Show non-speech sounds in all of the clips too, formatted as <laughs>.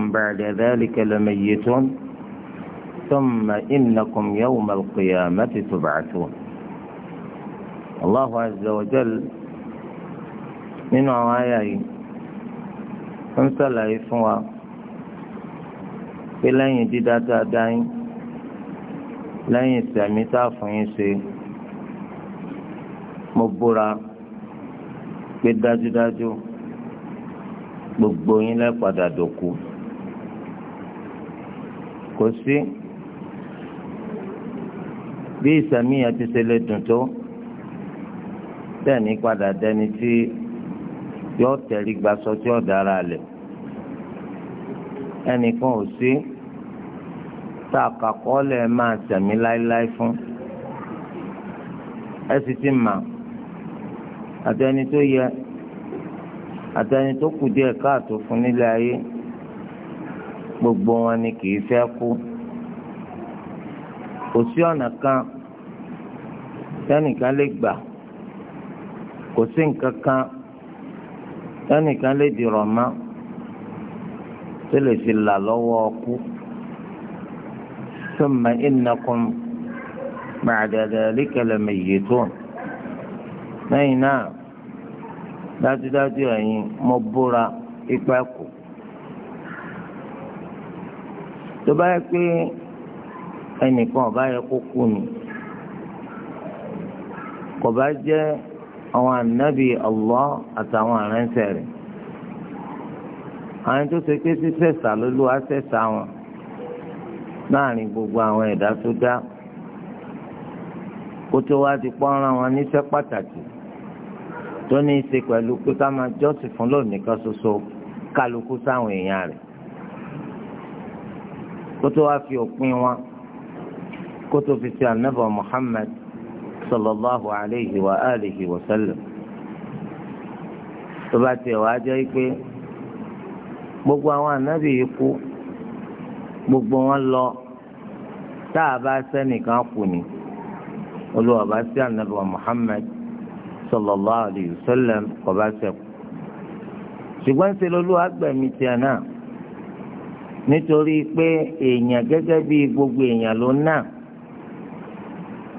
إنكم بعد ذلك لميتون ثم إنكم يوم القيامة تبعثون الله عز وجل من آياته ń sàlàyé fún wa pé lẹ́yìn dídá tá a dá yín lẹ́yìn ìsẹ̀mí tá a fún yín ṣe mo búra pé dájúdájú gbogbo yín lẹ́ padà dòkú jókòó sí bí ìsàmìyàn ti ṣe lè dùn tó bẹ́ẹ̀ ní padà dẹni tí yọ tẹ̀lé gbàsọ tí ọ̀dára lẹ̀ ẹnìkan ò sí tá a kàkọ́ lẹ̀ máa sẹ̀mí láéláé fún ẹ sì ti mà àtẹni tó yẹ àtẹni tó kù díẹ̀ káàtó fún nílé ayé gbogbo wọn ni kì í fẹ́ kú kò sí ọ̀nà kan tẹ́nìkan lè gbà kò sí nǹkan kan tẹ́nìkan lè dìrọ̀ mọ́ tó lè fi là lọ́wọ́ ọkú summa innakum ba'da dhalika lamayyitun lẹ́yìn náà dájúdájú ẹ̀yin mo búra ipa ẹ̀kọ́ tó bá yẹ pé ẹnìkan ọba yẹ kó kú ni kò bá jẹ́ àwọn ànábì Allah àtàwọn aránṣẹ́ rẹ̀ àwọn tó ṣe pé sísẹ̀sà lólu àṣẹ̀sà wọn láàrin gbogbo àwọn ẹ̀dá tó dá kó tó wá ti pọ́nrán wọn níṣẹ́ pàtàkì tó ní í ṣe pẹ̀lú pé ká máa jọ́sìn fún lónìí kan ṣoṣo kálukú sáwọn èèyàn rẹ̀ kótó wá fi òpin wọn kótó fi ti ànábà Muhammad sallallahu alayhi wa alihi wa sallam tó bá tiẹ̀ wá jẹ́ pé gbogbo àwọn ànábì yìí kú gbogbo wọn lọ tá a bá sẹ́nìkan kù ní olùwà bá sí ànábì Muhammad sallallahu alayhi wa sallam kò sẹ́kù ṣùgbọ́n ṣe lolúwa gbẹ̀mí tiẹ̀ náà nítorí pé èèyàn gẹ́gẹ́ bí gbogbo èèyàn ló náà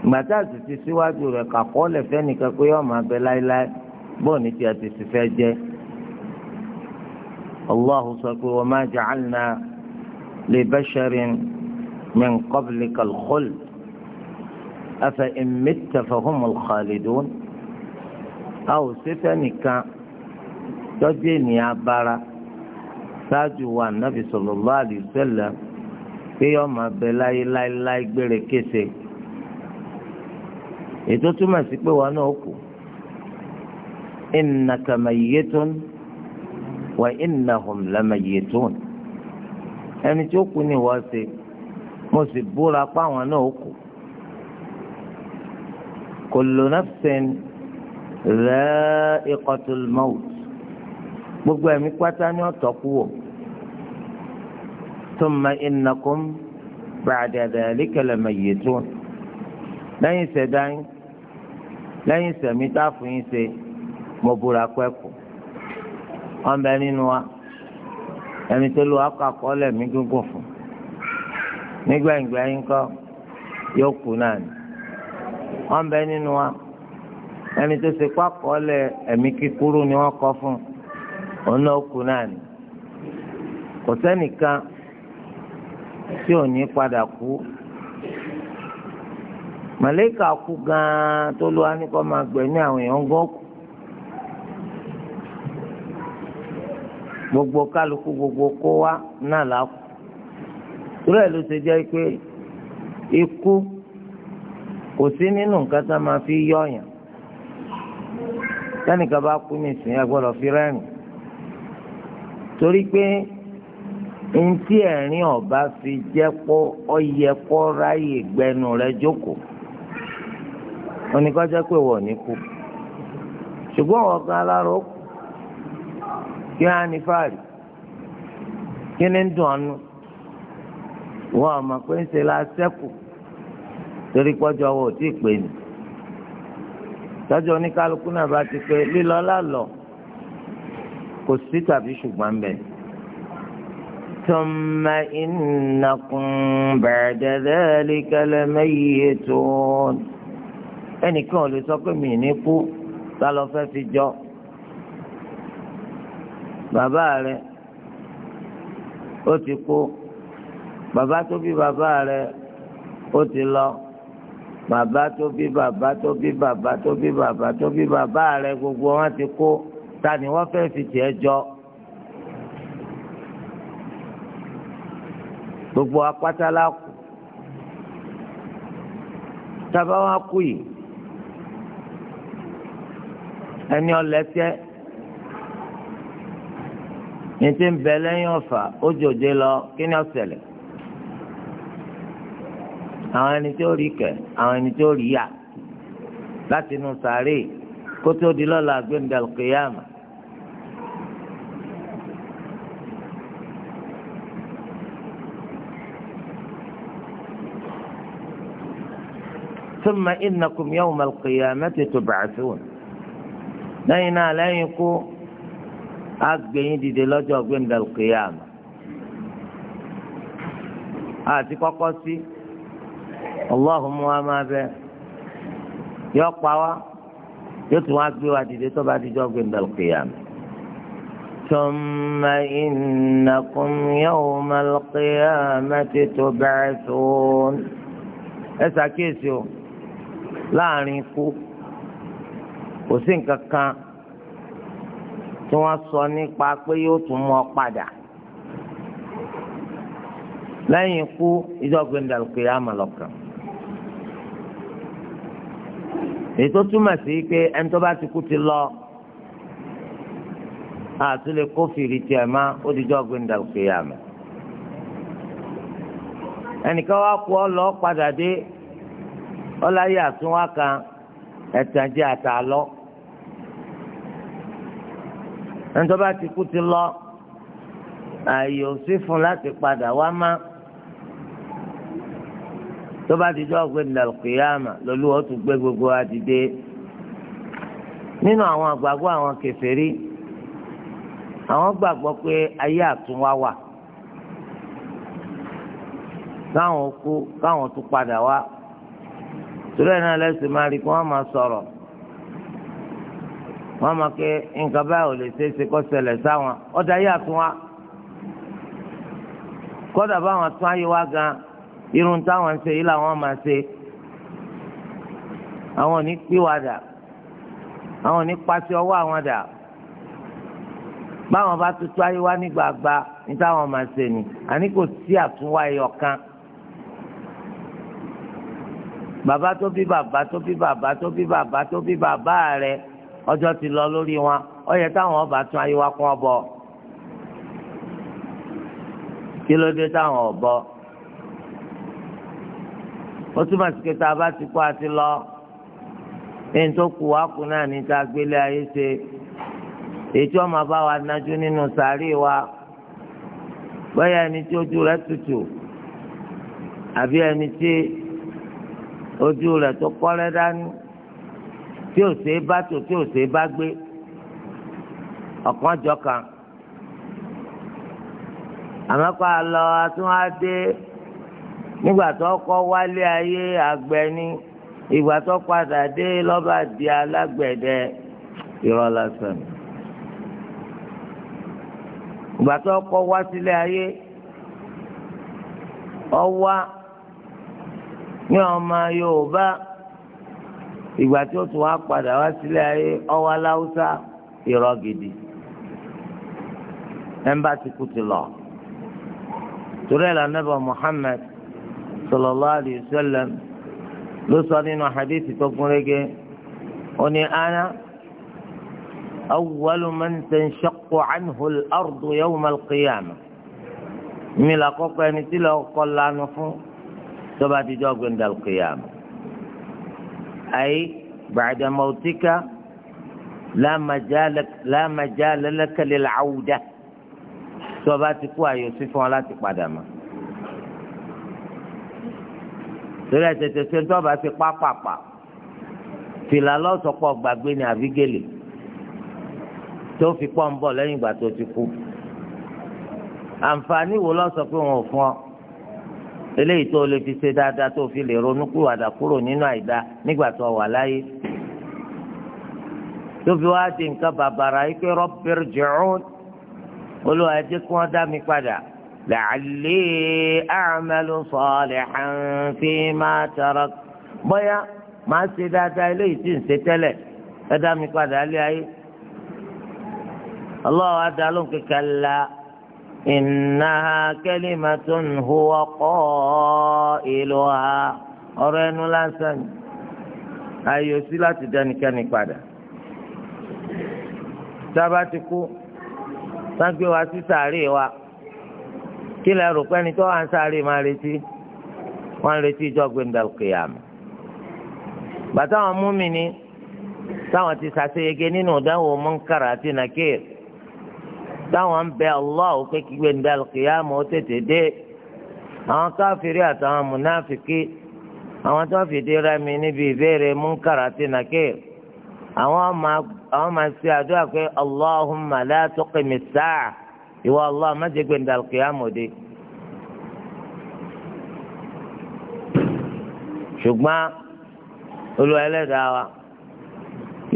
gbàtà sì ti síwájú rẹ̀ kàkọ́ọ̀lẹ̀ fẹ́nìkan pé yóò máa bẹ láéláé bóun ní tiẹ̀ ti sì fẹ́ jẹ́ allahu sọ pé wa ma ja'alna li basharin min qablika al-khuld afa in mitta fahumul khalidun a ò sí fẹ́nìkan tọ́jú ènìyàn abára ṣáájú wa nàbì sallallahu alaihi wasallam pé ọmọ abẹ láyé láéláé gbére kése ètò túmọ̀ sí pé wọn náà kù innaka mayyitun wa innahum lamayyitun ẹni tí ó kú ni wọ́n ṣe mo sì búra pa àwọn náà kù kullu nafsin dha'iqatul gbogbo ẹ̀mí pátá ni ọ̀tọ̀ kú wọ̀. ثم إنكم بعد ذلك لميتون lẹ́yìn ìṣẹ̀dá yín lẹ́yìn ìṣẹ̀mí tá a fún yín ṣe mo búra pẹ́kù wọ́n bẹ nínú wa ẹni tó lu akọ àkọọ́lẹ̀ mi gígùn fún nígbàgbà yín tí ò ní padà kú màlẹ́kà kú gan-an tó ló wá ní kọ́ máa gbẹ̀mí àwọn èèyàn kú gbogbo kálukú gbogbo kó wá náà là kú rẹ̀ ló ṣe jẹ́ pé ikú kò sí nínú nǹkan tá fi yọ̀yàn tẹ́nìkan bá kú nísìnyí ẹ gbọ́dọ̀ fi rẹ́rìn torí pé. ntí ẹ̀rín ọba fi jẹ́ pọ́ ọyẹ ráyè gbẹnu rẹ jókòó oníkọ́jà pé ní kú ṣùgbọ́n wọ́n gan kí á ní fáàrí kí ní dùn ọ́nú wọ́n àmọ́ pé ń ṣe la torí pọ́jọ́ wọ́n ò tí ì pè ní tọ́jú oníkálukú náà bá ti pé ثم إنكم بعد ذلك لميتون ẹnìkan ò lè sọ pé mi ní kú ta ló fẹ́ fi jọ bàbá rẹ ó ti kú bàbá tó bí bàbá rẹ ó ti lọ bàbá tó bí bàbá tó bí bàbá tó bí bàbá tó bí bàbá rẹ gbogbo wọn ti kú ta ni wọ́n fẹ́ fi tiẹ̀ jọ. gbogbo apáta la kù tábà wá kú yìí ẹni ọlẹtẹ ní ti ń bẹ lẹ́yìn ọfà ojòjé lọ kí ni ọ̀sẹ̀lẹ̀ àwọn ẹni tí ó rí kẹ àwọn ẹni tí rí yà láti inú sàárè kótó di lọ́la gbẹ̀ndàlùkìyàmù. ثم إنكم يوم القيامة تبعثون لينا لا يكون دي دي لجو عند القيامة àti kọ́kọ́ sí ọlọ́hùnmú wa máa wa dìde ثم إنكم يوم القيامة تبعثون. láàrin ikú kò sí nǹkan kan tí wọ́n sọ nípa pé yóò tún mọ́ ọ padà lẹ́yìn ikú ìjọgbìn dàlùkì àmàlọ́kàn. ètò túmọ̀ sí pé ẹni tó bá ti kú ti lọ àtúlẹ̀ kófìrí tiẹ̀ má ó di jọ́gbìn dàlùkì àmà. ẹnìkan wá kú ọ lọ padà dé ọláyé àtúnwá kan ẹ̀tànjẹ àtàlọ́ ẹnitọ́ba ti kú ti lọ ààyè ò sí fún láti padà wá má tọ́ba ti jọ́ ọ̀gbẹ́ nàlùkìyàmà lọ́lúwọ́ tún gbé gbogbo àdìde nínú àwọn àgbàgbọ́ àwọn kèfèrí àwọn gbàgbọ́ pé ayé àtúnwá wà káwọn kú káwọn tún padà wá torí ẹ̀ náà lẹ́sìn máa rí kí wọ́n máa sọ̀rọ̀ wọ́n máa ké nǹkan báyìí ò lè ṣe é ṣe kó ṣẹlẹ̀ sáwọn ọ̀dà yìí àtún wa kọ́dà báwọn tún ayé wa gan irun táwọn ń ṣe yìí làwọn máa ṣe àwọn ò ní pìwàdà àwọn ò ní pàṣẹ ọwọ́ àwọn dà báwọn bá tuntun ayé wa nígbàgbà ní táwọn máa ṣe ni àní kò sí àtúnwá ẹyọ kan bàbá tó bí bàbá tó bí bàbá tó bí bàbá tó bí bàbá rẹ ọjọ́ ti lọ lórí wọn ó táwọn ọba tún ayé wa kún ọbọ kí ló dé táwọn ọbọ ó túmọ̀ sí pé tá a bá ti kú àti lọ ẹni tó kù wá kú náà ní ta gbélé ayé ṣe èyí tí bá wa nájú nínú sàárè wa bóyá ẹni tí ojú rẹ̀ tutù àbí ẹni tí ojú rẹ̀ tó kọ́rẹ́ dání tí ò ṣe é bá tò tí ò ṣe é bá gbé ọ̀kan jọ kan àmọ́ kó a lọ atúnwádé nígbà tó kọ́ wálé ayé àgbẹ̀ ni ìgbà tó padà dé lọ́ba di alágbẹ̀dẹ irọ́ ìgbà tó kọ́ wá sílé ayé ọwá ní ọmọ Yorùbá ìgbà tí ó tún wá padà wá sílé ayé ọwọ́ aláwùsá irọ́ gidi ẹnba ti kú ti lọ torí ẹ̀ lànàbà Muhammad sallallahu alayhi wa sallam ló sọ nínú hadithi tó gún régé ó ní ana awwalu man tanshaqqu anhu al-ardu yawma al mi là ẹni tí lọ́ọ́ kọ́ lanu fún tọ́ba àtijọ́ gbẹ̀ndàl kìyàm ayé bàdà mọ̀tíkà lámàjá lẹ́lẹ́kẹ̀lẹ́ làwùdá tọ́ba ti kú àyè sí fún ọ láti padà mọ́. torí ẹ tètè ṣe tọ́ba ti pápápá fìlà lọ́sọ̀pọ̀ gbàgbé ní àbígẹ́lẹ̀ tó fi pọ́ ń bọ̀ lẹ́yìn ìgbà tó ti kú. àǹfààní wo lọ́sọ̀ pé wọn ò fún ọ eléyìí tó o lè fi ṣe dáadáa tó o fi lè ronú kúròdà kúrò nínú àìda nígbà tó o wà láyé tó fi wá di nǹkan bàbàrà yìí pé rọ́bìrì jẹ̀rún olùwà ẹ̀jẹ̀ kí wọ́n dá mi padà làálí àmàlù sọ̀lẹ̀ àǹfì máa tọrọ bóyá màá ṣe dáadáa eléyìí tí ń ṣe tẹ́lẹ̀ ẹ dá mi padà lé ayé. Allah adalun kekala إنها كلمة هو قائلها ọ̀rọ̀ ẹnu lásán ayò sí láti dẹnikẹ́ni padà sábà ti kú sáńgbé wa sí sàárè wa kí lè rò pé ẹni tó wà ń sàárè máa retí wọ́n retí bàtà wọn mú mi ní táwọn ti ṣàṣeyege nínú ìdánwò mọ́ńkàrà àti nàkèrè táwọn ń bẹ Allah pé kí gbẹ̀ndé alùkìyàmọ̀ ó tètè dé àwọn káfíìrì àtàwọn mùnáfìkì àwọn tó fìdí rẹmi níbi ìbéèrè múnkàrà àti nàkìr àwọn máa ṣe àdúrà pé Allahumma la tuqimi sáà ìwọ Allah má jẹ́ gbẹ̀ndé alùkìyàmọ̀ dé. ṣùgbọ́n olú ẹlẹ́dàá wa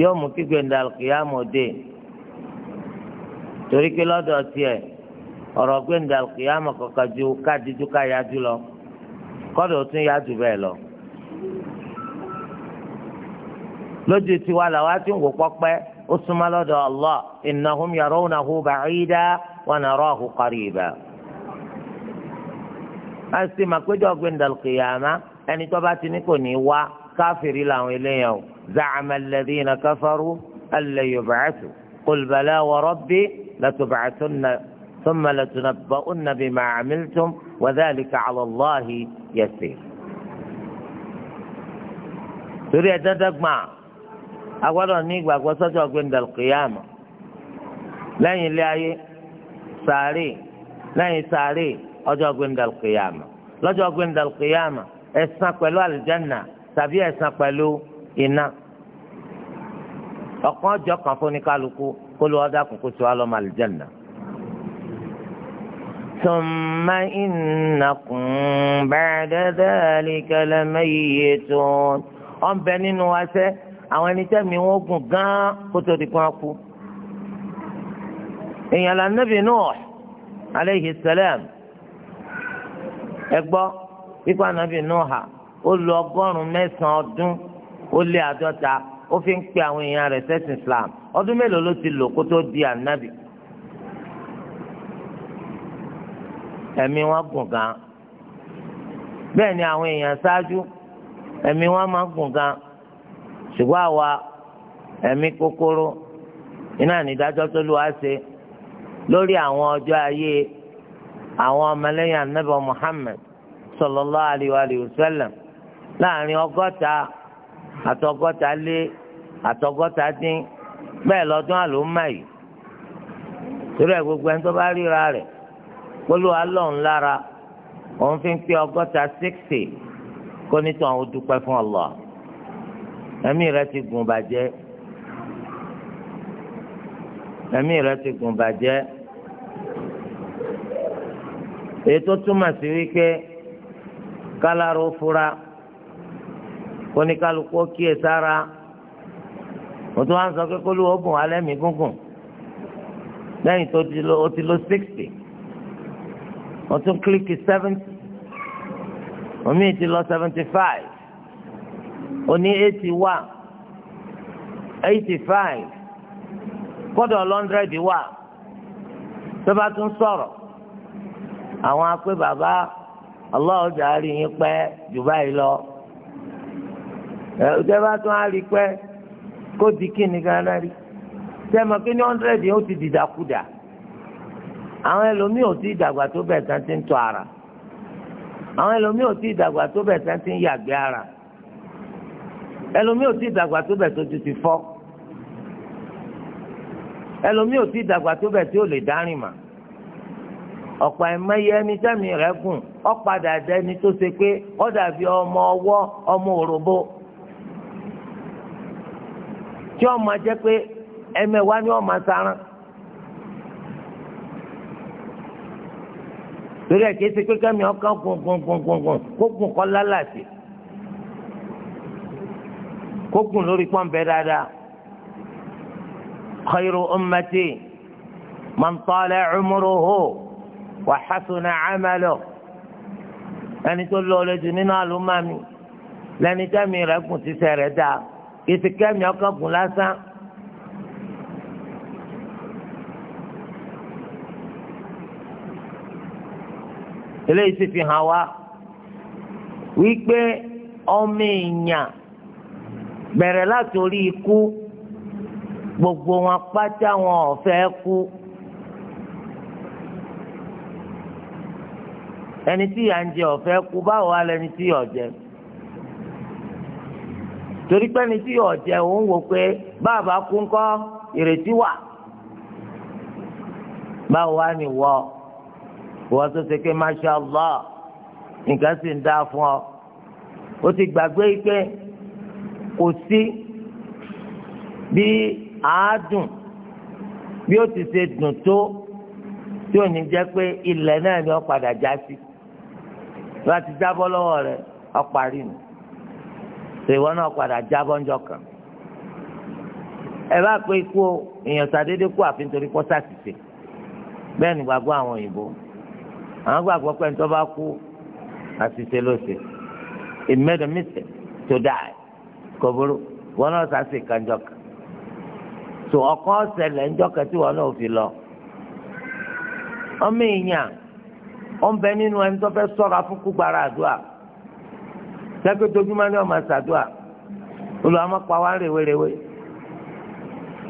yóò mú kí gbẹ̀ndé alùkìyàmọ̀ dé. torí pé lọ́dọ̀ tiẹ̀ ọ̀rọ̀ gbẹ̀ǹdà kìyàmọ̀ kọ̀ọ̀kan ju káàdìjú ká yájú lọ kọ́dọ̀ tún yájú bẹ́ẹ̀ lọ. lójú tiwa làwa ti ń wò pọ́pẹ́ ó súnmọ́ lọ́dọ̀ Allah innahum yarawnahu ba'ida wa narahu qariba. a sì máa péjọ gbẹ̀ǹdà kìyàmọ̀ ẹni tó bá ti ní kò ní wá káfìrí làwọn eléyàn o za'ama alladhina kafaru alla لتبعثن ثم لتنبؤن بما عملتم وذلك على الله يسير torí ẹ dádágbà agbọ́dọ̀ ní ìgbàgbọ́ sọ́jọ́ gbẹndàl kìyàmù lẹ́yìn ilé ayé sàárè lẹ́yìn sàárè ọjọ́ gbẹndàl kìyàmù lọ́jọ́ gbẹndàl kìyàmù ẹ̀san pẹ̀lú àlìjánà tàbí ẹ̀san pẹ̀lú iná ọ̀kan ọjọ́ kan fún ní kálukú kó ló wá dákun kó tiwa lọ́mọ àlùjánnà. ثم إنكم بعد ذلك لميتون ọ̀n bẹ nínú wa sẹ́ àwọn ẹni tẹ́mi wọ́n gùn gan-an kó tó di kan kú. èèyàn la Nabi Nuh aleyhi salam ẹ gbọ́ pípa Nabi Nuh ó lò ọgọ́rùn-ún mẹ́sàn-án ọdún ó lé àádọ́ta ó fi ń pe àwọn èèyàn rẹ̀ sẹ́sìn Islam. ọdún mélòó ló ti lò kó tó di ànábì ẹ̀mí wọn gùn gan bẹ́ẹ̀ ni àwọn èèyàn ṣáájú ẹ̀mí wọn máa gùn gan ṣùgbọ́n àwa ẹ̀mí kòkòrò iná nídájọ́ tó lù wá ṣe lórí àwọn ọjọ́ ayé àwọn ọmọlẹ́yìn Muhammad sallallahu alaihi wa láàrin ọgọ́ta àtọgọ́ta lé àtọgọ́ta dín. bẹ́ẹ̀ lọ́dún àlòmá yìí torí ẹ̀ gbogbo ẹni tó bá ríra rẹ̀ pẹ̀lú alọ́ọ̀n lára òun fi ń pé ọgọ́ta sixty kó nítorí àwọn dúpẹ́ fún Allah ẹ̀mí rẹ̀ ti gùn bàjẹ́ ẹ̀mí rẹ̀ ti gùn bàjẹ́ èyí tó túmọ̀ sí wípé kálárò fura kóníkálukú kíyèsára mo tún wá ń sọ pé kó ló ó gùn alẹ́ mi gúngùn lẹ́yìn tó ti lo ti lo sixty mo tún kílíkì seventy omi ti lọ seventy five O oní eighty one eighty five kọ́dọ̀ lọ́ndrẹ́dì wà tó bá tún sọ̀rọ̀ àwọn á pé bàbá ọlọ́run jàre yín pẹ́ jù lọ ẹ̀ ọjọ́ bá tún á rí pẹ́. kó di kíni gánà rí sẹ́mi kí ni hundred yẹn ó ti dìdàkudà àwọn ẹlòmíì ò tí dàgbà tó bẹ̀ tán ti ń tọ́ ara àwọn ẹlòmíì ò tí dàgbà tó bẹ̀ tán ti ń yàgbé ara ẹlòmíì ò tí dàgbà tó bẹ̀ ti ọmọ ọwọ́ ọmọ òròbó. tí ọmọ jẹ́ pé ẹ̀mẹ̀wá ni ọmọ sáárán. torí ẹ̀ kìí ṣe pé kẹ́mi ọkàn gùn gùn gùn gùn gùn kó gùn kọ́ lálàsì kó gùn lórí pọ́ǹpẹ́ dáadáa. khayru ummati man tala umruhu wa hasuna amaluhu ẹni tó lọ lẹ́jù nínú àlùmọ́ mi lẹ́ni tẹ́mi rẹ̀ gùn tíṣẹ́ rẹ̀ dáa kìsì kẹ́mi ọkàn gùn lásán. eléyìí sì fi hàn wá wípé ọmọ èèyàn bẹ̀rẹ̀ láti orí ikú gbogbo wọn pátá wọn ò fẹ́ kú. ẹni tí ìyà ń jẹ ò kú báwo wá lẹni tí ìyà jẹ torí pé ní tí yóò jẹ òun wò pé bàbá kú ńkọ́ ìrètí wà báwo wá ní wọ wọ tó ṣe pé masha allah nǹkan sì ń dá fún ọ ó ti gbàgbé pé kò sí bí àádùn bí ó ti ṣe dùn tó tí ò ní jẹ́ pé ilẹ̀ náà ni ó padà já sí láti jábọ́ lọ́wọ́ rẹ̀ ó parí nù. ṣèwọ náà padà jábọ́ ńjọ́ kan ẹ bá pé ikú o èèyàn sàdédé kú àfi nítorí pọ́tà ṣìṣe bẹ́ẹ̀ ni gbàgbọ́ àwọn òyìnbó àwọn gbàgbọ́ pé nítorí bá kú àṣìṣe ló ṣe it made a mistake to die kò burú wọn náà sàṣe kanjọ kan tó ọkọ ṣẹlẹ̀ ńjọ́ kan tí wọn náà fi lọ ọmọ èèyàn ó ń bẹ nínú ẹni tó fẹ́ sọ́ra àdúrà. lẹ́gbẹ́ tójúmọ́ ni wọ́n máa ṣàdúrà olùwàmọ́pá wa ń rèwerèwe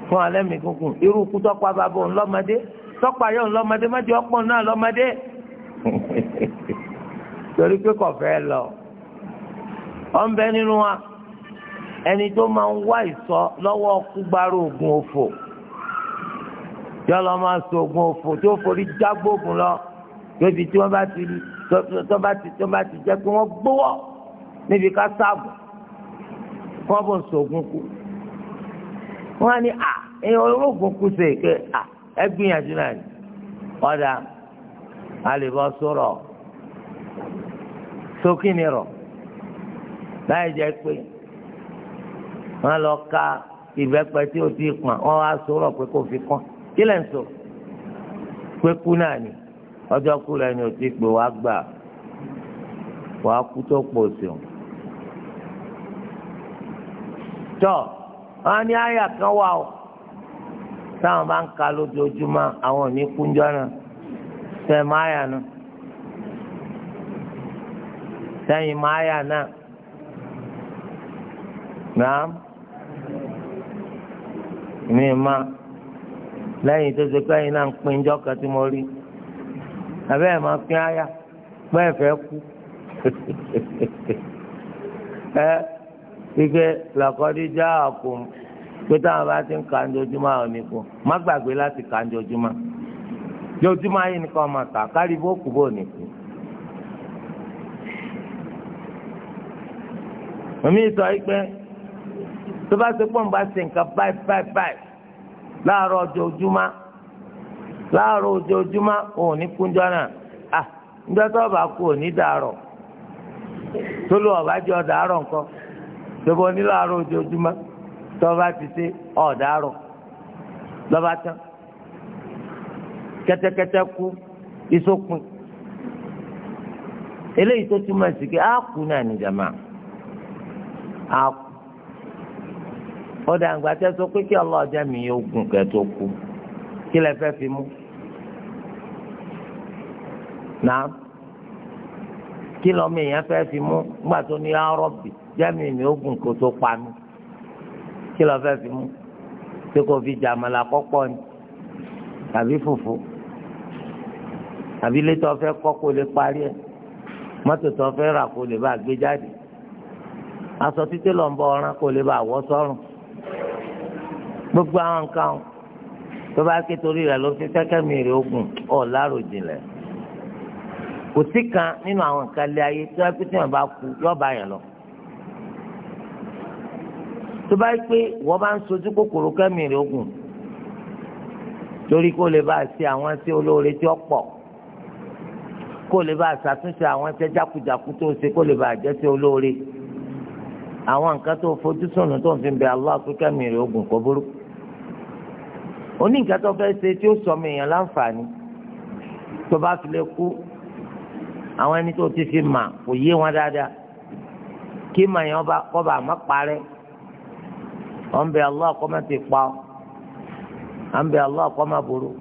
fún alẹ́ mi kúnkún irú ikú tọ́pọ̀ abábọ̀ ńlọ́mọdé tọ́pọ̀ ayọ̀ ńlọ́mọdé má jẹ́ ọpọ̀ náà lọ́mọdé <laughs> torí pé kò fẹ́ lọ ọ̀n bẹ nínú wa ẹni tó máa ń wá ìsọ lọ́wọ́ kúgbárò oògùn òfò yọlọ máa so oògùn òfò tó forí jágbóògùn lọ tóbi tí wọ́n bá ti jẹ́ pé wọ́n gbówọ́ níbi ká sáàbù kọ́ bọ̀ sọ̀gùn kú wọ́n á ní à ẹ̀yìn ológun kú sí èké à ẹ náà ni ọ̀dà àlèbọ̀ sọ̀rọ̀ sókínì rọ̀ láì jẹ́ pé wọ́n lọ ka ìbẹ́pẹ tí ó ti pọ̀n wọ́n á sọ̀rọ̀ pé kò fi kàn kí lẹ́ ń sọ pé kú náà ni ọjọ́ kú rẹ̀ ò ti pè wá gbà wàá kú tó pọ̀ sí òun. tọ́ wọn ní àyà kan wà ó táwọn bá ń ka lójoojúmọ́ àwọn ò kúnjọ́ náà sẹ́yìn máyà náà sẹ́yìn máyà náà náà mi lẹ́yìn tó ṣe pé ẹ̀yin náà ń kan tí mo rí abẹ́ ẹ̀ máa pín pé kú <laughs> ike làkọ́díjà àkùn pé táwọn bá ti ń ka ojoojúmọ́ àwọn nìkan má gbàgbé láti ka ojoojúmọ́ ojoojúmọ́ ayé nìkan máa kà kárí bó kú bó nìkan. sọ pé tó bá ṣe pọ́n bá nǹkan báyìí báyìí báyìí láàárọ̀ ojoojúmọ́ láàárọ̀ ojoojúmọ́ òun ní náà ṣùgbọ́n oníláàárọ̀ ojoojúmọ́ tọ́ba ti ṣe ọ̀dàrọ̀ lọ́ba tán kẹ́tẹ́kẹ́tẹ́ kú ìsókun eléyìí tó túmọ̀ sí pé àákú náà nìjàmá àákú ọ̀dà àgbà sọ pé kí ọlọ́ọ̀dẹ́ mi yóò gùn kẹ́ kú kí lẹ fẹ́ fi mú náà kí lọ́mọ èèyàn fẹ́ fi mú jẹ́mi mi ó gùn kó tó pa mi kí lọ fẹ́ fi mú tí kò fi jàmàlà kọ́kọ́ ni tàbí fùfú tàbí ilé tó fẹ́ kọ́ kó lè parí ẹ̀ mọ́tò tó fẹ́ rà kó lè bá gbé jáde aṣọ títí lọ ń bọ ọ̀ràn kó lè bá wọ́ sọ́rùn gbogbo àwọn nǹkan tó bá ké torí rẹ̀ ló fi fẹ́kẹ́mi rè ogun ọ̀ lárò kò sí kan nínú àwọn nǹkan lé ayé tí wọ́n pé tí wọ́n bá kú yọ́ọ̀bá yẹn lọ tó bá yẹ pé wọ́n bá ń sojú kòkòrò kẹ́mìrì ogun torí kó lè bá a ṣe àwọn ṣe olóore tí ó pọ̀ kó lè bá a ṣàtúnṣe àwọn ṣe jákujàku tó ṣe kó lè bá a jẹ́ ṣe olóore àwọn nǹkan tó fojú sùnù tó ń fi bẹ Allah pé kẹ́mìrì ogun kò burú oní nǹkan tó fẹ́ ṣe tí ó sọmọ èèyàn láǹfààní tó bá fi lè kú àwọn ẹni tó ti fi mà kò yé wọn dáadáa kí màá yẹn kọ́ bá má parẹ́ à ń bẹ Allah kó má ti pa ọ́ à ń bẹ Allah kó má burú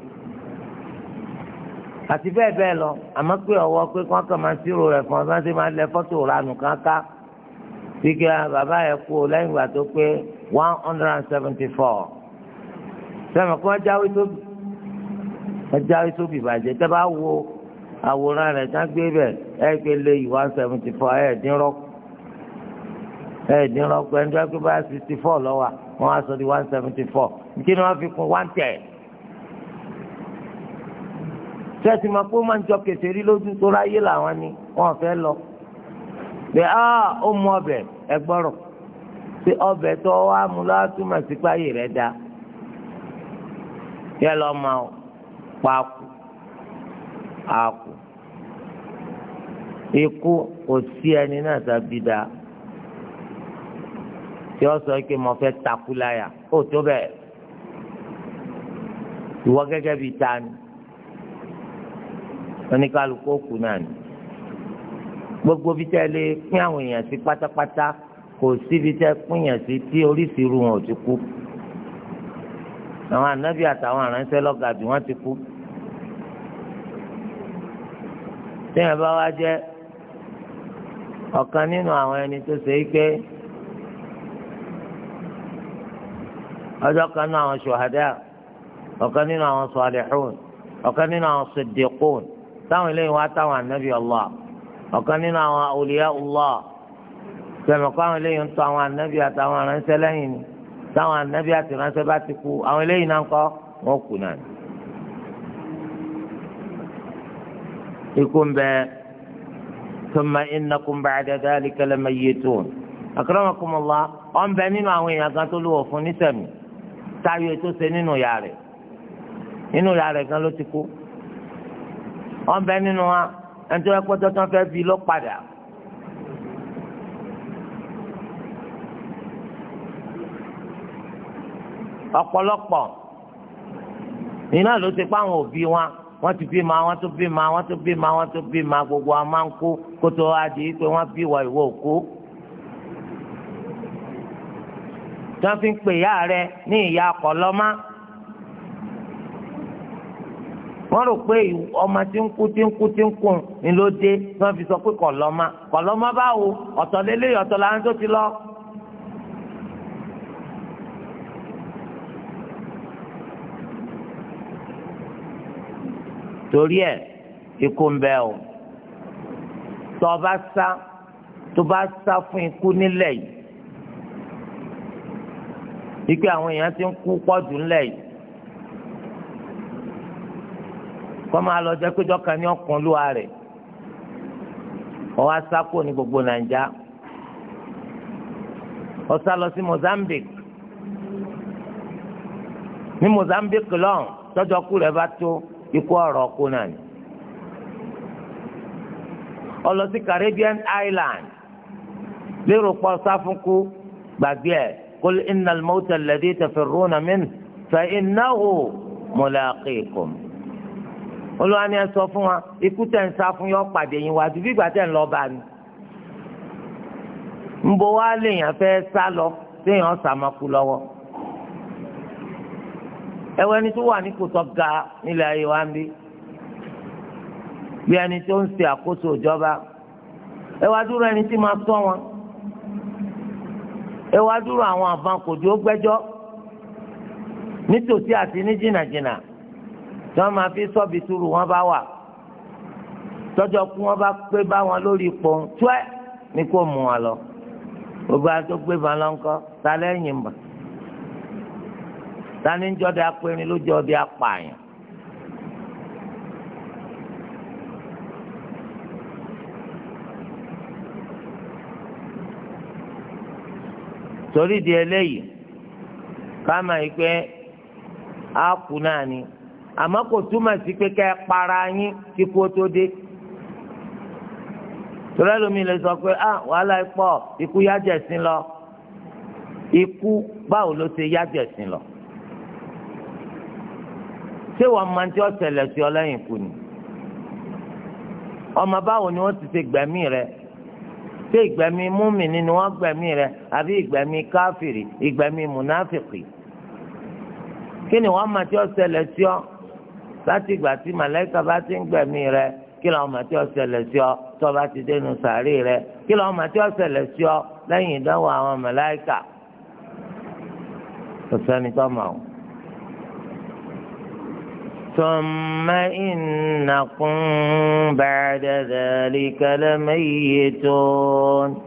àti bẹ́ẹ̀ bẹ́ẹ̀ lọ àmọ́ pé ọwọ́ pé kí wọ́n kàn máa sírò rẹ̀ fún ọ bá ń ṣe máa lẹ fọ́tò ranù kankan gbígbé bàbá yẹn kú lẹ́yìn ìgbà tó pé one hundred and seventy four sẹ́mi kí wọ́n jáwé tóbi wọ́n jáwé tóbi bàjẹ́ tẹ́ bá wo àwòrán rẹ̀ tán gbé bẹ̀ ẹ̀ gbé lé yìí one seventy four ẹ̀ dín rọ́pò. ẹ̀ẹ́dínlọ́gbọ̀n ẹni tó yẹ sixty four lọ́wọ́ wọn á sọ di one seventy four kí ni wọ́n fi kún one ten. sẹ́ẹ̀tì máa kó máa lọ. bẹ́ẹ̀ á ah, ó mú ọbẹ̀ ẹgbọ́rọ̀ ṣé ọbẹ̀ tó wá mú lọ́wọ́ sí páyé rẹ̀ dá. yẹ lọ máa pa ikú tí ó sọ pé mo fẹ́ takú láyà ó tó bẹ́ẹ̀ ìwọ gẹ́gẹ́ bíi ta ni oníkálukú òkú náà ni gbogbo bí tẹ́ lé pín àwọn èèyàn sí pátápátá kò síbi tẹ́ pín èèyàn sí tí oríṣiríṣi wọn ò ti kú àwọn ànábì àtàwọn aránṣẹ́ lọ́gàdù wọ́n ti kú téèyàn bá wá jẹ́ ọ̀kan nínú àwọn ẹni tó ṣe é pé. ọjọ́ kan nínú àwọn ṣùhàdá ọ̀kan nínú àwọn sọ̀lẹ̀hún ọ̀kan nínú àwọn sọ̀dẹ̀kún táwọn eléyìí wá táwọn ànábì Allah ọ̀kan nínú àwọn awliya Allah sẹ̀mọ̀kọ́ àwọn eléyìí ń tọ́ àwọn ànábì àtàwọn aránṣẹ́ lẹ́yìn ni táwọn ànábì àti aránṣẹ́ bá ti kú àwọn eléyìí náà ń kọ́ wọn kù náà ni. ikú ń bẹ thumma innakum ba'da dhalika lamayitun akramakumullah ọ̀ tó lù wọ̀ tayọ ètò ṣe nínú ìyá rẹ̀ nínú ìyá rẹ̀ gan ló ti kú wọn bẹ nínú wa ẹni tó yẹ kó tó tán fẹ́ bí ló padà. ọ̀pọ̀lọpọ̀ iná ló ti pa àwọn òbí wa wọ́n ti bí ma wọ́n tó bí ma wọ́n tó bí ma wọ́n tó bí ma gbogbo a máa ń kó kótó adi pé wọ́n bí wa ìwọ òkú. tí wọ́n fi ń pè ìyá rẹ ní ìyá kọ̀lọ́má wọ́n rò pé ọmọ tí ń kú tí ń kú tí ń kú ni ló dé tí wọ́n fi sọ pé kọ̀lọ́má kọ̀lọ́má báwo ọ̀tọ̀ lélẹ́yìn ọ̀tọ̀ làwọn tó ti lọ. torí ẹ ikú ń bẹ o tó bá sá tó bá sá fún ikú nílẹ̀ yìí ikpe àwọn èèyàn ti ń kú pọ̀jù ńlẹ̀ yìí kọ́ máa lọ jẹ́ péjọ kan ní ọkàn rẹ̀ ọwọ́ ní gbogbo nàìjà ó lọ sí Mozambique ní Mozambique lọ́hùn tọ́jọ́ kú rẹ̀ bá tó ikú ọ̀rọ̀ ọkọ náà ni lọ sí Caribbean Island lérò pọ̀ sáfúnkú gbàgbé ẹ̀. قل إن الموت الذي تفرون منه فإنه ملاقيكم olùwà ni ẹ sọ fún wa ikú tẹ̀ ń sá fún yọ pàdé yín wá àdúgbò ìgbà tẹ̀ ń lọ bá ní. ń bo wá léèyàn fẹ́ sá lọ téèyàn sàmọ́kú lọ́wọ́. ẹwọ ẹni tó wà ní kòtò ga nílẹ̀ ayé wa ń bí bí ẹni tó ń ṣe àkóso ìjọba ẹwà dúró ẹni tí máa tọ́ wọn ẹ wá dúró àwọn àfàn kò dúró gbẹ́jọ́ nítòsí àti ní jìnnàjìnnà tí wọ́n máa fi sọ́ọ̀bì túrú wọn bá wà tọ́jọ́ kú wọn bá pé bá wọn lórí ipò tíwẹ́ ní kò mú wọn lọ gbogbo àti gbé ba lọ ta lẹ́yìn mbà ta ni ń jọ́ de apẹ́rin apààyàn. torí di eléyìí ká máa yí pé á kú náà ni àmọ́ kò túmọ̀ sí pé ká ẹ para yín kí kú ó tó dé torí ẹlòmíì lè sọ pé ah wàhálà ipò ikú yájẹ̀ sí lọ ikú báwo ló ṣe yájẹ̀ sí lọ ṣé wàá máa ti ọ̀sẹ̀ lẹ̀ sí ọ lẹ́yìn kù ni ọmọ báwo ni wọ́n ti ṣe gbẹ̀mí rẹ̀ ṣé ìgbẹ̀mí múmìnì ni wọ́n gbẹ̀mí rẹ̀ àbí ìgbẹ̀mí káfìrì ìgbẹ̀mí mùnáfìkì kí ni wọ́n máa ti ó ṣẹlẹ̀ sí ọ láti ìgbà tí màlẹ́kà bá ti ń gbẹ̀mí rẹ̀ kí làwọn máa ti ó ṣẹlẹ̀ sí ọ tó bá ti dénú sàárè rẹ̀ kí làwọn máa ti ó sí ọ lẹ́yìn ìdánwò àwọn màlẹ́kà kò sẹ́ni mọ̀ ọ́. ثم إنكم بعد ذلك لميتون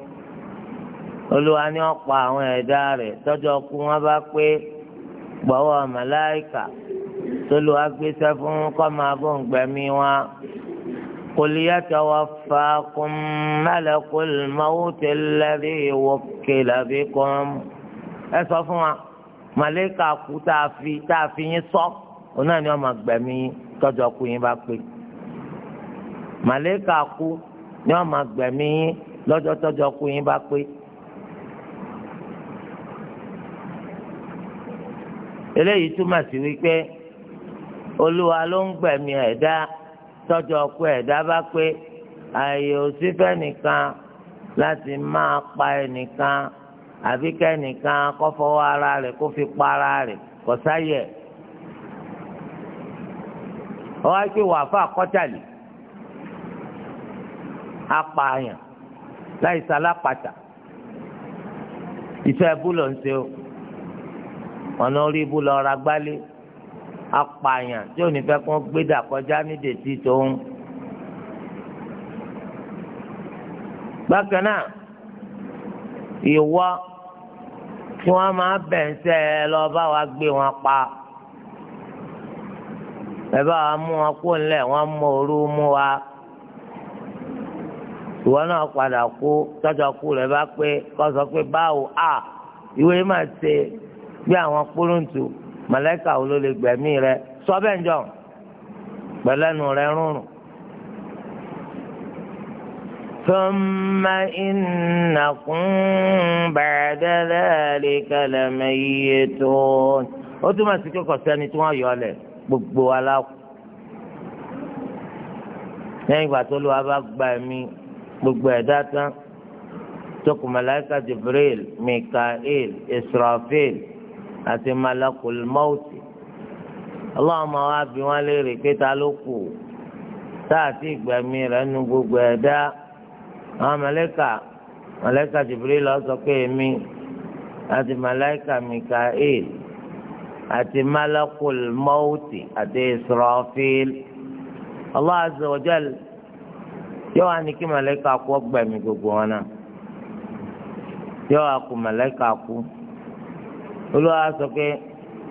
Olúwa ni ó pa àwọn ẹ̀dá rẹ̀ tọ́jọ́ kú wọn bá pé gbọ́wọ́ màláìkà tólúwa gbéṣẹ́ fún kọ́ máa bó ń gbẹ̀mí wọn. قل يتوفاكم ملك الموت الذي وكل بكم. ẹ sọ fún wa màláìkà kú tá a fi yín sọ. So òun náà ni wọ́n máa gbẹ̀mí tọ́jú ọkùnrin bá pé màlẹ́kà kú ni wọ́n máa gbẹ̀mí lọ́jọ́ tọ́jú ọkùnrin bá pé. eléyìí túmọ̀ sí wípé olúwa ló ń gbẹ̀mí ẹ̀dá tọ́jú ọkọ ẹ̀dá bá pé ààyè ò sí láti máa pa ẹnìkan àbí kẹ́nìkan kó fọwọ́ ara rẹ̀ kó fi pa ara rẹ̀ kó sáyẹ̀ ọwọ́ àti wà fún àkọ́tàlì apààyàn láì sálápàtà ìfẹ́ ẹbú ló ń ṣe o ọ̀nà orí ibú lọ ra gbálé apààyàn tí ò ní fẹ́ kó gbé dà kọjá nídìí tí tó ń. bákan náà ìwọ tí wọ́n máa bẹ̀ ń sẹ́ ẹ lọ bá wa gbé wọn pa ẹ bá wa mú wọn kó ńlẹ̀ wọ́n mú òru mú wa ìwọ náà padà kú tọ́jọ́ kú rẹ̀ bá pé kọ́ sọ pé báwo a ìwé máa ṣe bí àwọn kúrúǹtù mọ̀lẹ́kà wo ló lè gbẹ̀mí rẹ sọ bẹ́ẹ̀ jọ pẹ̀lẹ́nu rẹ rúnrún. ثم إنكم بعد ذلك لميتون ó túmọ̀ sí pé kò gbogbo aláàkú lẹ́yìn ìgbà tó lù wá bá gba ẹ̀mí gbogbo ẹ̀dá tán tókù màláíkà jibril mikael israfil àti malakul mọ́ọ̀tì ọlọ́ọ̀mọ wa bí wọ́n léèrè pé ta ló kù sáàtì ìgbẹ̀mí rẹ̀ nu gbogbo ẹ̀dá àwọn màláíkà màláíkà jibril ó sọ àti màláíkà mikael. àti malakul mọ́ọ̀tì àti israfil Allah azza wa jal yóò wá kí màlẹ́kà kú ọgbẹ̀mí gbogbo wọn náà yóò wá kú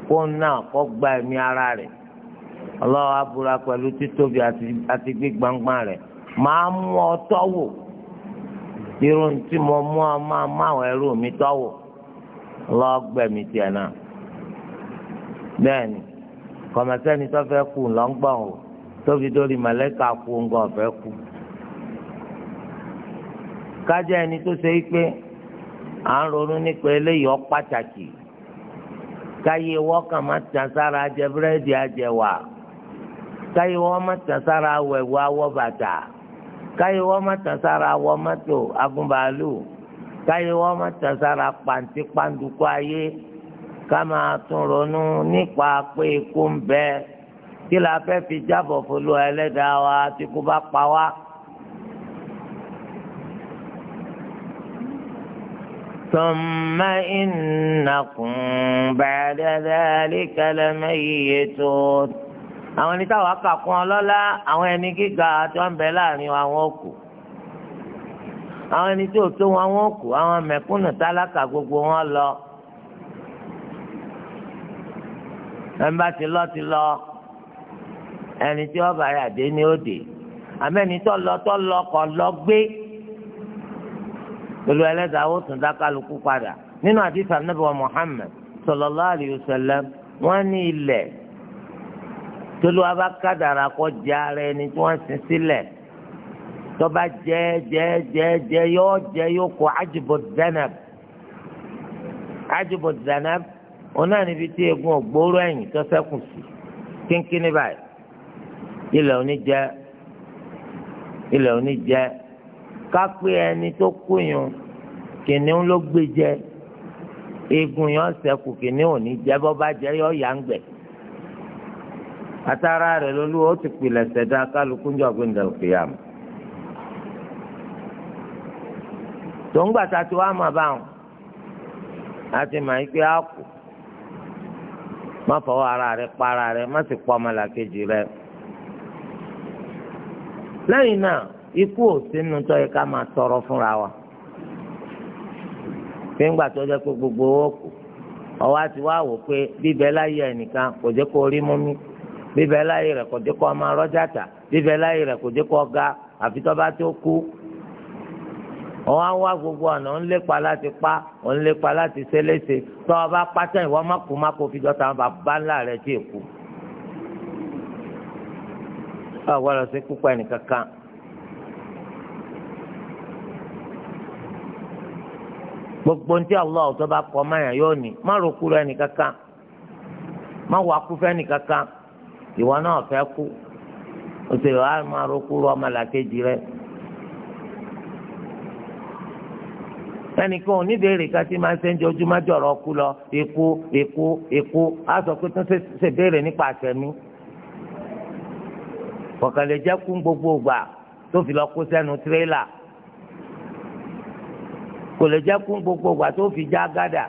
kú olúwa náà ara rẹ̀ Allah abúra pẹ̀lú títóbi àti gbígbàngbà rẹ̀ máa mú ọ tọ́wò irun tí mo mú ọ máa máa wọ ẹrú mi tọ́wò Allah ben kọmẹsẹni tó fẹ́ kú lọ o tóbi dórí kú ọfẹ kú kájá ẹni tó ṣe pé à ń ronú nípa eléyìí ọ pàtàkì káyé wọ́kàn má tàn sára jẹ búrẹ́dì àjẹwà káyé wọ́n má tàn sára awọ́ bàtà káyé wọ́n má tàn sára wọ mọ́tò agúnbàálù káyé wọ́n má tàn sára pàǹtí pàǹdùkú ká máa tún ronú nípa pé ikú ń bẹ kí la fẹ́ fi jábọ̀ fọlú ẹlẹ́dàá wa tí kú bá pa wá. ثم إنكم بعد ذلك لميتون àwọn ẹni táwọn akàkún ọlọ́lá àwọn ẹni gíga tí wọ́n ń bẹ láàrin àwọn òkú àwọn ẹni ẹni bá ti lọ ti lọ ẹni tí ọba rẹ àdé ni ó dé àmẹni tó lọ tó lọ kọ lọ gbé pẹ̀lú ẹlẹdàá ó tún dá kálukú padà nínú àdìsá nàbẹ wa Muhammad sallallahu alayhi wa sallam wọn ní ilẹ̀ tolu aba kádàrá kọ jẹ ara ẹni tí wọn sin sílẹ̀ tọba jẹ jẹ jẹ jẹ yọ jẹ yóò kọ ajibọ zanab ajibọ zanab òun náà níbi tí egun ògbóró ẹ̀yìn tó ṣẹ́kù sí kínkínní báyìí ilẹ̀ òní jẹ́ ilẹ̀ òní jẹ́ kápẹ́ ẹni tó kúnyùn kìnìún ló gbé jẹ egun yẹn ṣẹ́kù kìnìún òní jẹ́ bọ́ bá jẹ́ yọ yà ń gbẹ̀ atara rẹ̀ lólu ó ti pilẹ̀ ṣẹ̀dá kálukú ń jọ gbẹ̀ndẹ̀lùkìyàmù. tòun gbàtà tí wàá mà báwọn àti màá yí pé á kù. má fọwọ́ ara rẹ pa ara rẹ má sì pa ọmọlàkejì rẹ. lẹ́yìn náà ikú ò sínú tó yẹ ká máa tọrọ fúnra wa fi ń gbà tó jẹ́ pé gbogbo owó kù ọwọ́ àti wá wò pé bíbẹ láyé ẹnìkan kò jẹ́ kó rí mú mi bíbẹ láyé rẹ̀ kò jẹ́ kó ọmọ rọ́jà tà bíbẹ láyé rẹ̀ kò jẹ́ kó ọ̀gá àfi tó kú òun á wá gbogbo ọ̀nà lépa láti pa láti tó o bá pátá ìwọ mákòmákò fi jọ tàwọn bàbá ńlá rẹ̀ tí èkó. báwo lọ sí púpọ̀ ẹnìkan kan. gbogbo ntí Allah tó bá kọ́ mayàn yóò ní má ro kúrò ẹnìkan kan má wà kú fẹ́ ẹnìkan kan ìwọ náà fẹ́ kú ẹnìkan ò ní béèrè ká ti máa ń sẹ́ńjọ ojúmọ́ jọ̀rọ̀ kú lọ èkó èkó èkó á sọ pé tó ń ṣe béèrè nípa àtẹ̀mí. jẹ́ kún gbogbo tó fi lọ kó sẹ́nu tirẹ́là kò lè jẹ́ kún gbogbo fi já gádà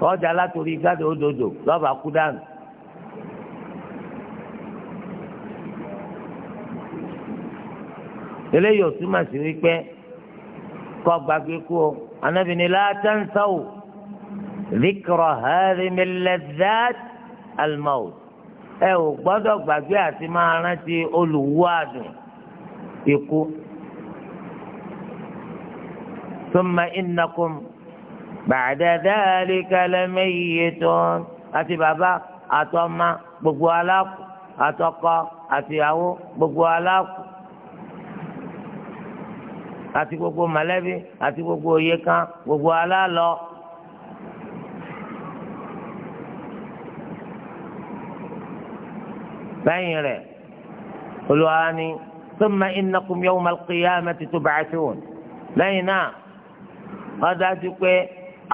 ọjà látòrí gádà òdòdó lọ́ba kú dànù. eléyìí ò túmọ̀ kọ́ gbàgbé kú o anabi ni la tansaw dhikra hadhimil ladhat al-maut ẹ ò gbọ́dọ̀ gbàgbé àti máa rántí olùwádùn ikú. ثم إنكم بعد ذلك لميتون àti bàbá àtọmọ gbogbo aláàkú àtọkọ àtìyàwó gbogbo aláàkú àti gbogbo mọ̀lẹ́bí àti gbogbo oyè kan gbogbo alálọ. lẹ́yìn rẹ̀ olùwàá ni thumma innakum yawma al-qiyamati tub'athun lẹ́yìn náà wọ́n dájú pé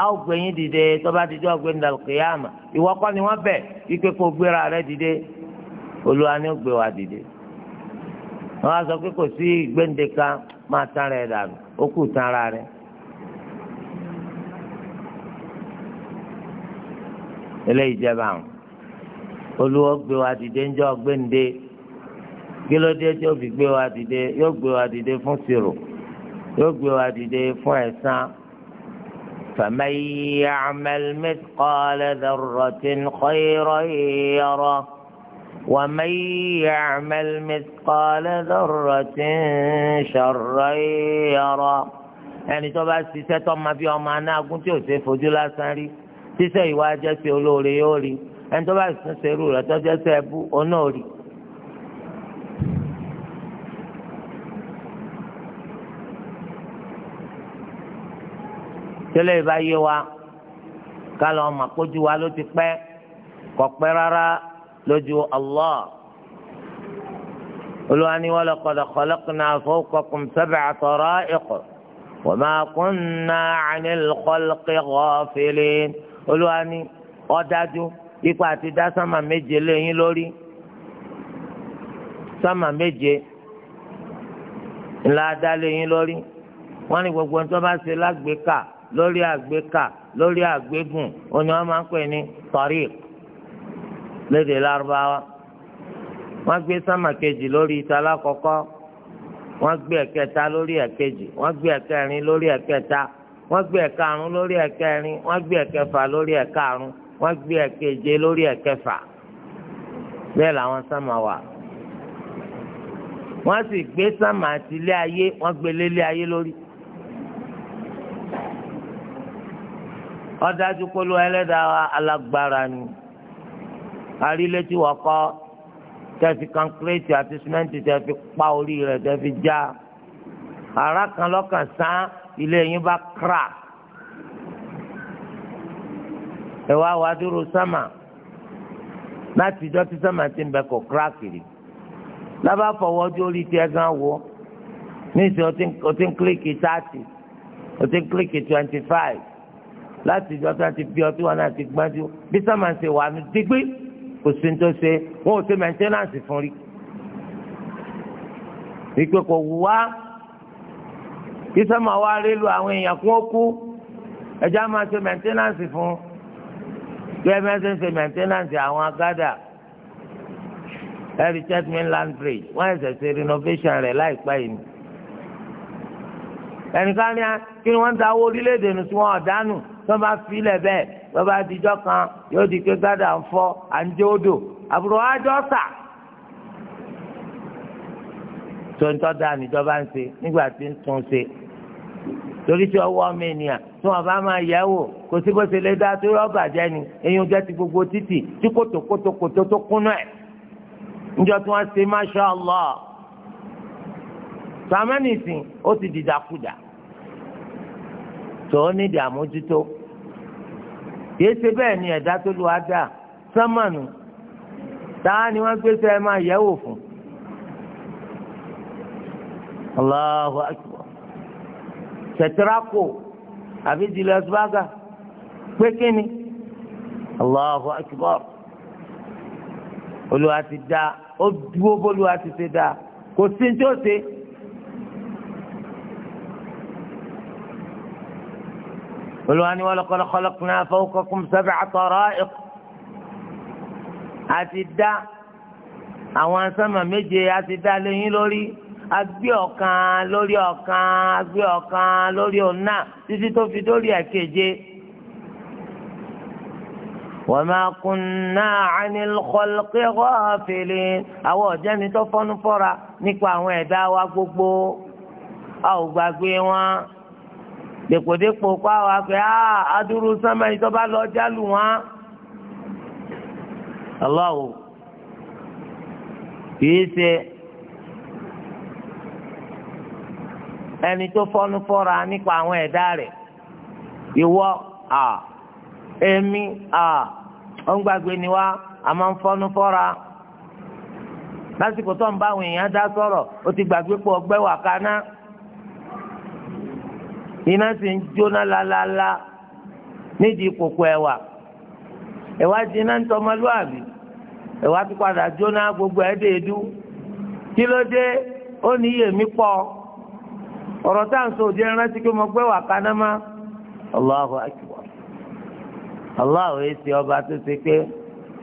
a ó gbẹ̀yìn dìde tó bá dijọ́ gbé ní al-qiyama ìwọ kọ́ ni wọ́n bẹ̀ ike kó gbéra rẹ̀ dìde olùwàá ó gbé wa dìde wọ́n á sọ pé kò sí ìgbéǹde kan máa tán rẹ̀ dànù ó kù tán ara rẹ̀. eléyìí jẹba àwọn olúwo gbé wa dìde ńjọ gbéǹde kílódé tí ó fi gbé wa dìde yóò gbé wa dìde fún sírò yóò gbé wa dìde fún ẹ̀san. فمن يعمل مثقال ذرة خيرا يره ومن يعمل مثقال ذرة شرا يرى ẹni tó bá ṣiṣẹ́ tó máa bí ọmọ anágún tí ò ṣe fojú lásán rí ṣiṣẹ́ ìwà ajẹ́sẹ̀ olóore yóò rí ẹni tó bá ṣiṣẹ́ ṣerú rẹ̀ tó jẹ́sẹ̀ ẹbú ọ̀nà òrì. tẹ́lẹ̀ ìbá yé wa ká lọ́ọ́ mà kójú wa ló ti pẹ́ kọ̀ pẹ́ rárá lójú allah olùwàní wa laqad khalaqna fawqakum sab'a tara'iq wa ma kunna 'anil khalqi ghafilin olùwàní ọ̀dájú ipa àti dá sámà méje lẹ́yìn lórí sámà méje ńlá dá lẹ́yìn lórí wọ́n ní gbogbo nítorí bá ṣe lágbèéká lórí àgbéká lórí àgbégùn òní wọ́n máa ń pè ní tariq lédè lárúbáwá wọ́n gbé sámà kejì lórí ìtàlá kọ́kọ́ wọ́n gbé ẹ̀kẹta lórí ẹ̀kejì wọ́n gbé ẹ̀kẹrin lórí ẹ̀kẹta wọ́n gbé ẹ̀karùn lórí ẹ̀kẹrin wọ́n gbé ẹ̀kẹfà lórí ẹ̀karùn wọ́n gbé ẹ̀keje lórí ẹ̀kẹfà bẹ́ẹ̀ làwọn sámà wà wọ́n sì gbé sámà àti ilé ayé wọ́n gbé lélé ayé lórí. ọ̀dájú kólú ẹlẹ́dàá alágbára ni arílẹ̀tì wọ́n kọ́ tẹ́fi kankireti àti simẹ́ntì tẹ́fi pa orí rẹ̀ tẹ́fi já ara kan lọ́kàn sán ilé yín bá kra ẹ wá wá dúró sámà láti ìjọ tí sámà ti ń bẹ kọ kra kiri lábá fọwọ́jú orí tiẹ̀ gan wọ níṣẹ́ o ti ń kílíkì táàtì o ti ń kílíkì twenty five láti ìjọ tí wọ́n ti bí ọtí wọn náà ti gbájú bí sámà ń ṣe wà ní dígbé kò sí ní tó ṣe wọn ò ṣe mẹ́ńtẹ́nánsì fún rí ìpè kò wù wá kí sọ́mà wá rélu àwọn èèyàn kún ó kú ẹja máa ṣe mẹ́ńtẹ́nánsì fún gẹ́gẹ́ ṣe ń ṣe mẹ́ńtẹ́nánsì àwọn agádà ẹ̀rí Chapman land bridge wọ́n ẹ̀sẹ̀ ṣe renovation rẹ̀ láìpẹ́ yìí ẹnìkan ní kí ni wọ́n ń ta owó orílẹ̀-èdè nù sí wọn ọ̀dánù tó bá fi ilẹ̀ bẹ́ẹ̀. bàbá adijọ kan yóò di pé gádà ń fọ́ à ń jẹ́ odò àbúrò àjọ da níjọba ń ṣe nígbà tí ń tún ṣe torí tí ọwọ́ ọmọ ènìyàn tí wọ́n bá máa yẹ̀ wò kò sí bó ṣe lé dá tó rọ́bà jẹ́ ni eyín jẹ́ ti gbogbo títì tí kòtòkòtòkòtò tó kúnú ẹ̀ níjọ tí wọ́n ṣe masha allah sàmánìsìn ó ti dìdàkudà tó ní ìdààmójútó. kìí ṣe bẹ́ẹ̀ ni ẹ̀dá tó lu ada sánmànù táà ni wọ́n gbé sẹ́ẹ̀ máa yẹ̀ wò fún. Allahu akbar tẹ̀tíráàkò àbí julius baga pé kíni Allahu akbar olùwà ti da ó dúró bó olùwà ti ṣe da kò sí ní tí ó ṣe. olùwà ni walaqad khalaqna fawqakum sab'a tara'iq àti dá àwọn sánmà méje àti dá lẹ́yìn lórí agbé ọ̀kan lórí ọ̀kan agbé ọ̀kan lórí ọ̀nà títí tó fi dórí ẹ̀keje. wa ma kunna 'anil khalqi ghafilin àwọn ọ̀jẹ́ ni tó fọ́nú fọ́ra nípa àwọn ẹ̀dá wa gbogbo a wọn. dèpòdèpò pa wá pé á ah, sánmà yìí tó bá lọ jálù wọn. aláwo kìí ṣe ẹni tó fọnú fọra nípa àwọn ẹ̀dá rẹ̀ ìwọ emi ọ̀ngbàgbé ni wá a máa ń fọnú fọra lásìkò tó ń bá àwọn èèyàn dá sọ̀rọ̀ ó ti gbàgbé pọ̀ ọgbẹ́ wà iná sì ń jóná lálálá nídìí kókó ẹwà ẹwà jiná ń tọmọlúwàbí ẹwà tó padà jóná gbogbo ẹ̀ edu. kí ló dé ó ní iyèmí pọ̀ ọ̀rọ̀ tá ń sọ òdi gbé wà kaná má Allahu akbar Allahu èsì ọba tó ti pé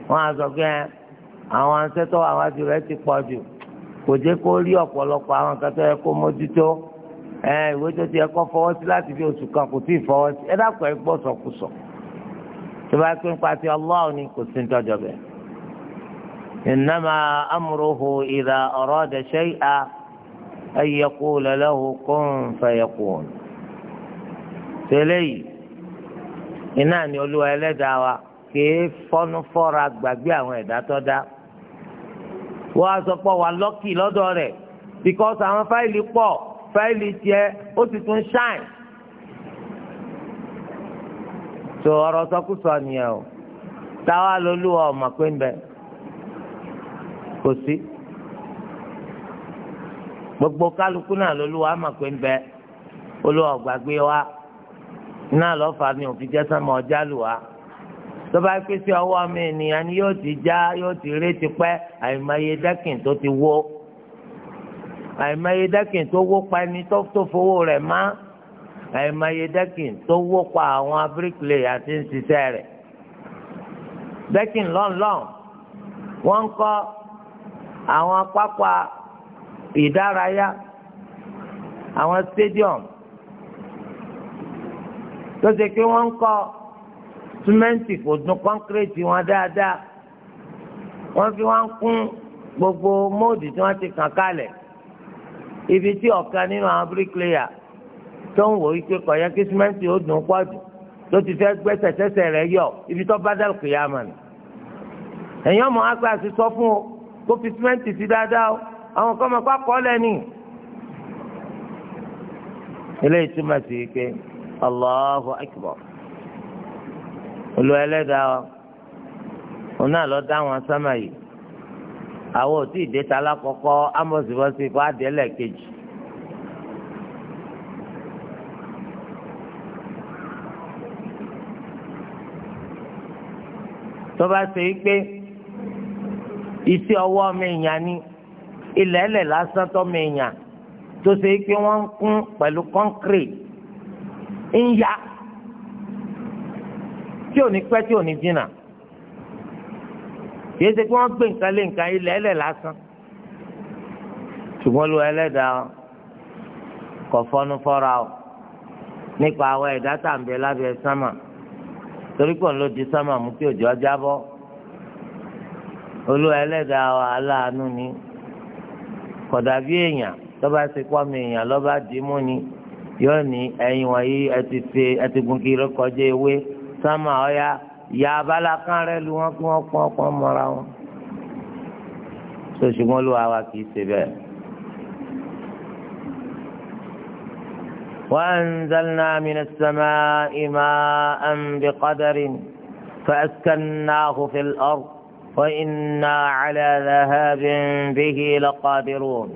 wọ́n á sọ pé àwọn asẹ́tọ̀ àwọn adìrẹ́ ti pọ̀ jù kò jẹ́ kó rí ẹ ìwé tó ti ẹkọ fọwọ́ sí láti fi oṣù kan kò tí ì fọwọ́ sí ẹ dákun ẹ tó bá pín pàṣẹ ọlọ́run ni kò sí nítọ́jọ bẹ́ẹ̀. ìnáma amúròhò ìlà ọ̀rọ̀ ọ̀dẹ̀ṣẹ́ ìhà ẹ̀yẹ̀kú lọ́lọ́hùn kún fẹ̀yẹ̀kú. tẹ́lẹ̀ yìí iná ni olúwa ẹlẹ́dàá wa kìí fọ́nú fọ́ra gbàgbé àwọn ẹ̀dá tó dá. wọ́n á sọ pé lọ́kì lọ́dọ̀ rẹ̀ bíkọ́sì àwọn fáìlì pọ̀ fáìlì tiẹ̀ ó sì tún ṣáìn tó ọ̀rọ̀ sọkúsọ nìyẹn o táwa lolúwa ọmọ pé kò sí gbogbo kálukú náà lolúwa ọmọ pé ń bẹ olúwa ọgbàgbé wa náà lọ́fà mi ò fi jẹ́ sọ́mọ ọjà pèsè ọwọ́ àìmọye dákìn tó wó pa ẹni tó fowó rẹ̀ má àìmọye dákìn tó wó pa àwọn abirikilẹ̀ àti ń ṣiṣẹ́ rẹ̀ dákìn lọ́nlọ́n wọ́n ń kọ́ àwọn pápá ìdárayá àwọn stadium tó ṣe pé wọ́n ń kọ́ símẹ́ǹtì kò dùn kọ́ńkírẹ́tì wọn dáadáa wọ́n fi wọ́n ń kún gbogbo móòdì tí wọ́n ti kàn kalẹ̀ ibi tí ọ̀kan nínú àwọn bíríkìlẹ́yà tó ń wò wípé kọ̀yẹ́ kí símẹ́ǹtì ó dùn pọ̀ jù tó ti fẹ́ gbẹ́sẹ̀ tẹ́sẹ̀ rẹ̀ yọ ibi tó bá dàrú kìí àmà nì. ẹ̀yin ọmọ agbá ti sọ fún o kó fi símẹ́ǹtì sí dáadáa o àwọn kan máa kọ́ lẹ́nì. ilé ìtumọ̀ sí pé Allahu Akbar olú ẹlẹ́dàá ọ̀nà àlọ́ dá àwọn sámà yìí àwọn òtí ìdẹ́ta alákọ̀ọ́kọ́ amọ̀sibọ́sí kó adẹ́lẹ̀ kejì. tọ́ba ṣe é pé iṣẹ́ ọwọ́ mẹ́yàn ni ilẹ̀ ẹlẹ̀ lásán tọ́ mẹ́yàn tó ṣe é pé wọ́n ń kún pẹ̀lú kọ́ńkírì ń ya tí ò ní pẹ́ tí ò ní jìnnà kìí ṣe kí wọ́n gbé nǹkan lé nǹkan ilẹ̀ ẹlẹ̀ lásán ṣùgbọ́n lu ẹlẹ́dàá kò fọ́nú fọ́ra o nípa àwọn ẹ̀dá tàǹbẹ̀ lábẹ́ sámà torí pọ̀ ló di sámà mú kí òjò ọjà bọ́ olú ẹlẹ́dàá aláàánú ni kódà bí èèyàn lọ́ba ṣe pọ́nmi èèyàn lọ́ba dìímú ni yóò ní ẹ̀yin wọ̀nyí ẹ ti ṣe ẹ ti gun kiri kọjá ewé sámà ọ̀ya ìyá abala kan rẹ lu wọn kí wọn pọn pọn mọ́ra wọn tó ṣùgbọ́n ló wà wá kì í ṣe bẹ́ẹ̀. وأنزلنا من السماء ماء بقدر فأسكناه في الأرض وإنا على ذهاب به لقادرون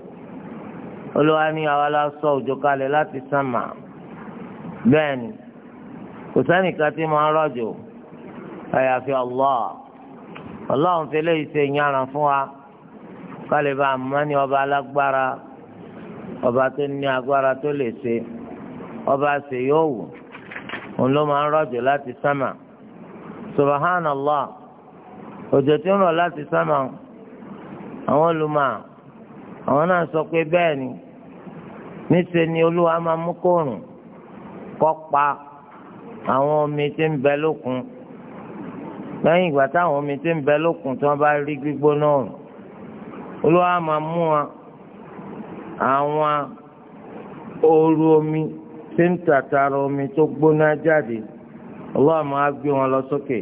قلوا أني ولا صوت قال لا تسمع بني وسني كاتم رجل àyàfi Allah ọlọ́run fi lè ṣe ìyára fún wa kálí bá a ní ọba alágbára ọba tó ní agbára tó lè ṣe ọba ṣe yóò wù òun ló máa ń rọ̀jò láti sámà subhanallah òjò tí ń rọ̀ láti sámà àwọn olùmọ̀ àwọn náà sọ pé bẹ́ẹ̀ ni níṣẹ́ ni olúwa máa mú kóòrùn kọ́ pa àwọn omi ti ń bẹ lókun. lẹ́yìn ìgbà táwọn omi tí ń bẹ lókun tí wọ́n bá rí gbígbóná ọ̀rùn olúwa máa mú wọn àwọn ooru omi tí ń tàtàrà omi tó gbóná jáde olúwa máa gbé wọn lọ sókè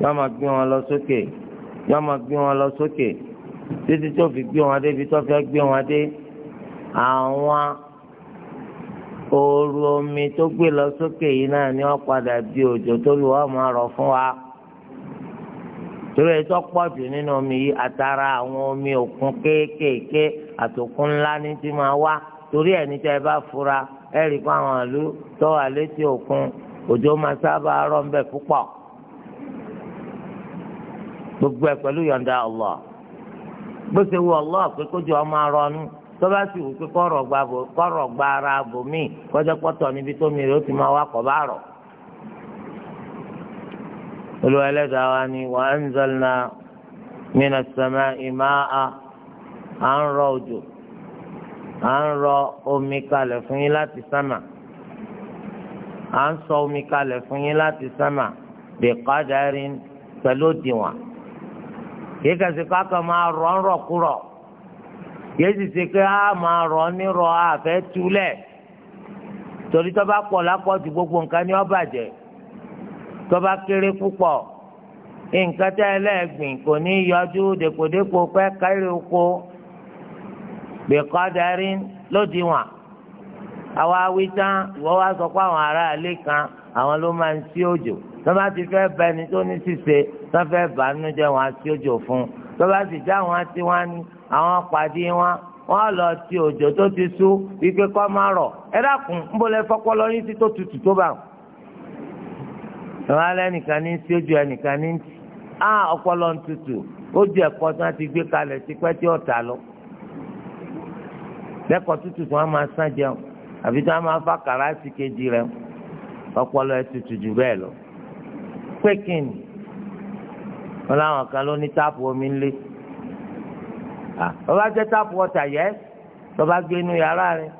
yọ máa gbé wọn lọ sókè yọ máa gbé wọn lọ sókè títí tó fi gbé wọn dé ibi tó fẹ́ gbé wọn dé àwọn ooru omi tó gbé lọ sókè yìí náà ni wọ́n padà di òjò tó lù wọ́n máa rọ̀ fún wa torí ẹjọ́ pọ̀ jù nínú omi yìí àtàrà àwọn omi òkun kéékèèké àtòkun ńlá ní ti máa wá torí ẹni tẹ́ ẹ bá fura ẹ rí i fún àwọn ìlú tó wà létí òkun òjò máa sábà rọ̀ ń bẹ̀ púpọ̀ gbogbo ẹ pẹ̀lú yọ̀ǹda Allah bó ṣe wù Allah pé kójú ọmọ arọnú tó bá sì wù pé kọ̀rọ̀ gba ara bòmíì kọjá pọ̀tọ̀ níbi tó mi rè ó ti máa wá kọ̀ bá rọ̀ olúwa ẹlẹ́dàá wa ni wa anzalna minas sama'i ma'a à ń rọ òjò à ń rọ omi kalẹ̀ fún yín láti sámà à ń sọ omi kalẹ̀ fún yín láti sámà bi qadarin pẹ̀lú òdiwọ̀n kìí kẹsì káka máa rọ ńrọkúrọ kìí sì ṣe pé a máa rọ nírọ àfẹ́ túlẹ̀ torí bá pọ̀ lápọ̀ ju gbogbo nǹkan ní ó bàjẹ́ tọ́ba kéré púpọ̀ nǹkan tẹ́ ẹlẹ́gbìn kò ní yọjú dèpòdèpò pẹ́ kárí oko bèkọ́darí lódiwọ̀n àwa wí tán ìwọ́ wá sọ pé àwọn aráàlú kan àwọn ló máa ń sí òjò tọ́ba ti fẹ́ bá ẹni tó ní ṣíṣe tọ́ fẹ́ bàánú jẹ́ wọn á sí òjò fún tọ́ba sì já wọn á tí wọ́n ní àwọn pàdé wọn wọ́n lọ ti òjò tó ti sú wípé kọ́ máa rọ̀ ẹ dákun ń bọ́lẹ̀ fọ́pọ́ lọ́yìn sí tó tutù tó bá wọn ìwọ́n alẹ́ nìkan ní tí ojú ẹnìkan ní tí á ọpọlọ ń tutù ojú ẹ̀kọ́ tí wọ́n ti gbé kalẹ̀ tipẹ́ tí ọ̀tà lọ. lẹ́kọ̀ọ́ tútù tí wọ́n máa sán jẹun àbí tí wọ́n máa fa kàrá sí kejì rẹ̀ ọpọlọ ẹ̀ tutù jù bẹ́ẹ̀ lọ. pékin wọn làwọn kan ló ní táàpù omi ńlé bàbá jẹ́ táàpù ọ̀tà yẹ bàbá gbé inú yàrá rẹ̀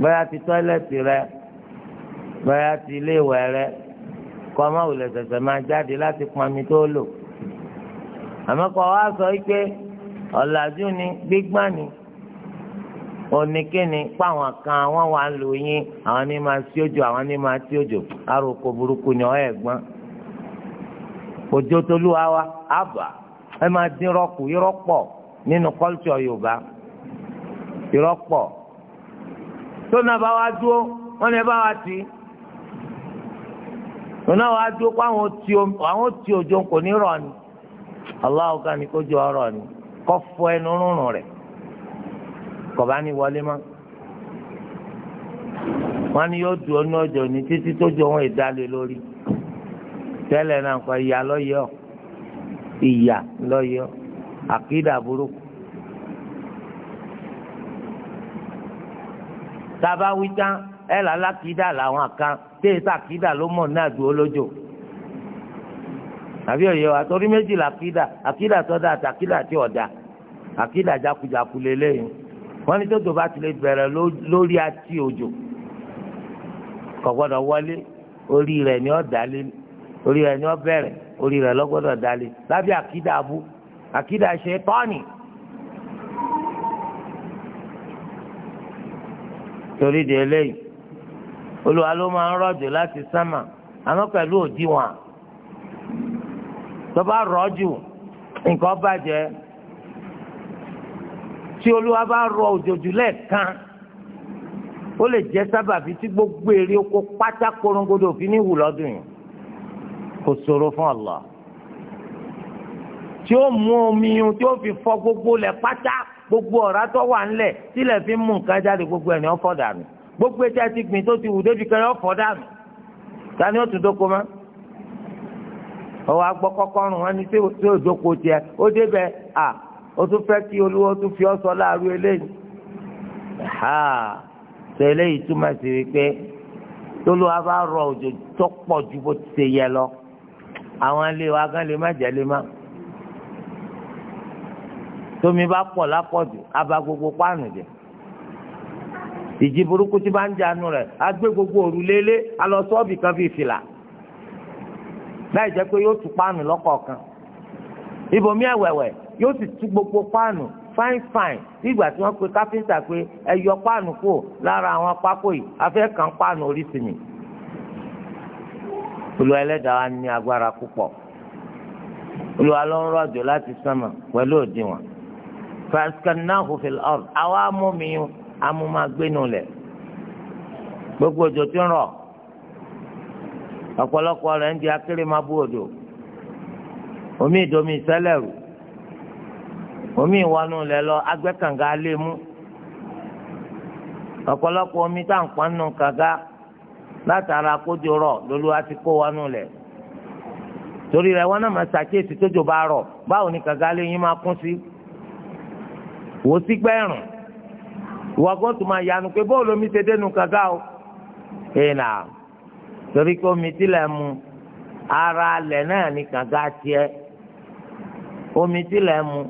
bóyá ti tọ́ẹ̀lẹ̀tì rẹ̀ bóyá ti ilé ìwẹ̀ kọ́ ọmọ òwúlẹ̀ ṣẹ̀ṣẹ̀ máa jáde láti pọnmi tó lò àmọ́ kọ́ wa sọ pé ọ̀làjú ni gbígbá ni oníkéni pàwọn kan wọn wà ń lò yín àwọn ní máa sí òjò àwọn ní máa sí òjò àròkò burúkú ni ọ ẹ gbọ́n òjò wa àbà ẹ máa dín irọ́pọ̀ wa dúró wọn bá wa tì wọn náà wàá dúró pé àwọn tí òjò kò ní rọ̀ ni aláwo ká ní kó jọ ọ̀rọ̀ ni kó fọ ẹnu rúnrún rẹ̀ kò bá ní wọlé mọ́ wọn ni yóò dúró ní ọjọ́ ní títí tó jọ wọn ìdálé lórí tẹ́lẹ̀ náà kọ ìyá lọ́yọ̀ ìyá lọ́yọ̀ àkídà burúkú. tá a bá wí tán ẹ̀ là lákìídà làwọn kan tẹ́ sàkídà ló mọ̀ náà dúró lójó àbí òye wa torí méjìlá àkídà àkídà sọ́dà àti àkídà tí ọ̀dà àkídà jákujàku lélẹ́yìn wọ́n ní tótó bá tilẹ̀ bẹ̀rẹ̀ lórí àti òjò kò gbọ́dọ̀ wọlé orí rẹ̀ ni ó dálé orí rẹ̀ ni ó bẹ̀rẹ̀ orí rẹ̀ ló dálé lábẹ́ àkídà abú àkídà ṣe tọ́ọ̀nì. torí de eléyìí olùwà ló máa ń rọ̀jò láti sámà àmọ́ pẹ̀lú òdiwọ̀n tó bá rọ̀jò nǹkan bàjẹ́ tí olúwa bá rọ òjòjò lẹ́ẹ̀kan ó lè jẹ́ sábàbí tí gbogbo èrè oko pátá korongodo òfin ní ìwù lọ́dún yìí kò ṣòro fún Allah tí ó mú omi yun tí ó fi fọ gbogbo lẹ̀ pátá gbogbo ọ̀rá tó wà ńlẹ̀ tílẹ̀ fi mú nǹkan jáde gbogbo ẹ̀ ní ọ̀fọ̀ dànù gbogbo etí àti gbìn tó ti wù débi kan yọ fọ́ dànù tani ó tún dóko mọ́ ọwọ́ agbọ́ kọ́kọ́rùn wọn ni tí ó dóko tiẹ̀ ó débẹ̀ à ó tún fẹ́ kí olúwo tún fi ọ́ sọ láàrú eléyìí ha sọ eléyìí túmọ̀ sí wípé tolúwa bá rọ òjò tó pọ̀ ju bó ti ṣe yẹ lọ àwọn ilé wa gan lè má jẹ́ lè má tómi bá pọ̀ lápọ̀jù abà gbogbo páànù jẹ́ ìjì burúkú tí bá ń jànú rẹ̀ agbé gbogbo òru lélé alọ sọ́ọ̀bì kan fi fìlà láì jẹ́ pé yóò tú páànù lọ́kọ̀ọ̀kan ibòmí ẹ̀wẹ̀wẹ̀ yóò sì tú gbogbo páànù fine fine nígbà tí wọ́n pe káfíńtà pé ẹ yọ páànù kù lára àwọn pákó yìí afẹ́ kan páànù orí sí mi olú ẹlẹ́dàá wa ní agbára púpọ̀ olú wa ló ń rọ̀jò láti sánmà pẹ̀lú òdiwọ̀n fàṣkanáhùn àwa mú mi yún amúmágbénu ma gbogbo òjò tí ń rọ̀ ọ̀pọ̀lọpọ̀ rẹ̀ ń di akéré máa bú odò omi ìdomi sẹ́lẹ̀rù omi ìwọnú lẹ̀ lọ kanga lé mú ọ̀pọ̀lọpọ̀ omi tá à kanga pọn nù kànga látara kójó rọ̀ lólu àti kó Tori lẹ̀ torí rẹ̀ wọ́n náà máa ṣàkíyèsí tójò bá rọ̀ báwo ni kanga lé yín ma kún si wò sí ìwà gbọ́n tó máa yanu pé bọ́ọ̀lù o ee torí pé omi tilẹ̀ mu ara alẹ̀ náà ní kàga tiẹ̀ omi tilẹ̀ mu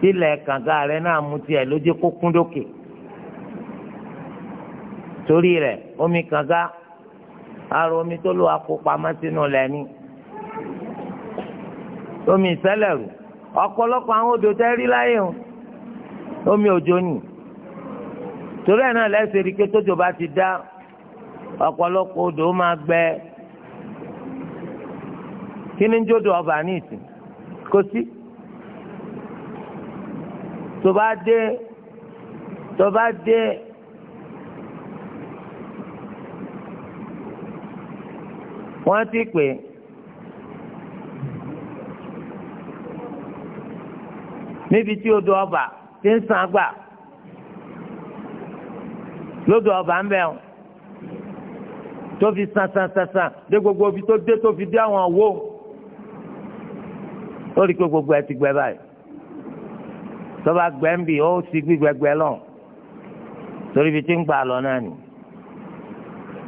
tilẹ̀ kàga rẹ náà mu tiẹ̀ ló jẹ́ kó kún dókè torí rẹ̀ omi kàga ara omi tó lò sínú lẹ́ni omi ìsẹ́lẹ̀ rù ọ̀pọ̀lọpọ̀ àwọn odò tẹ́ rí láyé o omi òjò torí ẹ̀ náà lẹ́sẹ̀ rí i pé tójò bá ti dá ọ̀pọ̀lọpọ̀ odò máa gbẹ kí ni jódò ọba ní ìsìn kò sí tó bá dé tó bá dé wọ́n ti pè é. níbi tí odò ọba ti ń sàn gbà lódò ọba ń bẹ̀ wọn tó fi san san san san dé gbogbo ibi tó dé tó fi dé àwọn wo ó rí i pé gbogbo ẹ ti gbẹ báyìí tọ́ba gbẹ ń bì ó sì gbígbẹgbẹ lọ torí ibi tí ń gbà lọ náà ni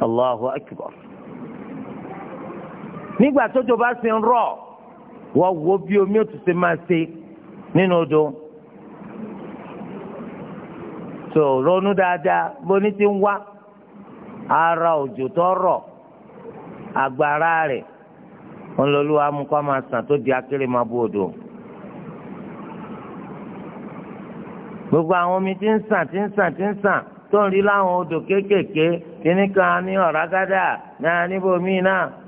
Allahu Akbar nígbà tójò bá sì ń rọ̀ wọ́n wo bí omi ò tún ṣe máa ṣe nínú odò. tó ronú dáadáa bóní ti ń wá ara òjò tó rọ̀ agbára rẹ̀ ńlọlúwa mú máa sàn tó di akéré máa bú odò. gbogbo àwọn omi tí ń sàn tí ń sàn tí ń sàn tó ń rí láwọn odò kéékèèké kíní kan ní ọ̀ràgádà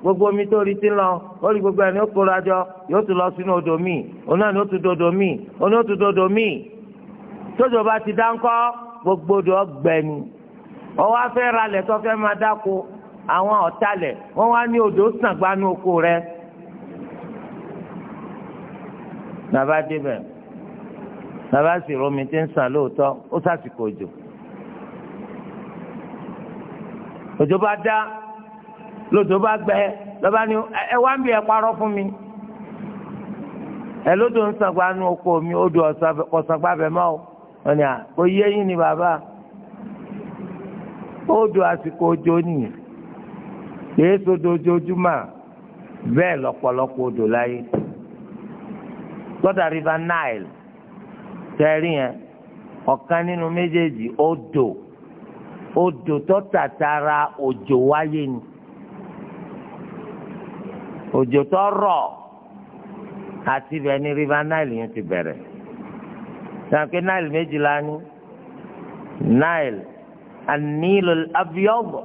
gbogbo omi tó rí ti lọ gbogbo ẹni ó kóra jọ yóò tún lọ sínú dodo míì òun ni dodo míì ti gbogbo odò ọgbẹni ọwọ́ afẹ́ ralẹ̀ tó fẹ́ máa dáko àwọn ọ̀talẹ̀ wọ́n wá ní odò sàn gbanú oko rẹ̀ nàbà débẹ̀ nàbà sì romi tí ń sàn lóòótọ́ ó sàsìkò òjò òjò bá dá lódò bá gbẹ lọ́ba ni ẹ wá ń bí ẹ parọ́ fún mi ẹ lódò ń sàn oko mi odò ọ̀sán gbàbẹ̀ mọ́ o. wọ́n ní à kò yé yín ni bàbá odò àsìkò òjò nìyí kìí sódò ojoojúmọ́ bẹ́ẹ̀ lọ́pọ̀lọpọ̀ odò láyé lọ́dà river Nile tẹ́rí yẹn ọ̀kan nínú méjèèjì odò odò tó tàtàrà òjò wáyé ni òjò tó rọ̀ àti bẹ́ẹ̀ ni river Nile yẹn ti bẹ̀rẹ̀ sàn pé nile méjì la ní nile anilo abiyọbọ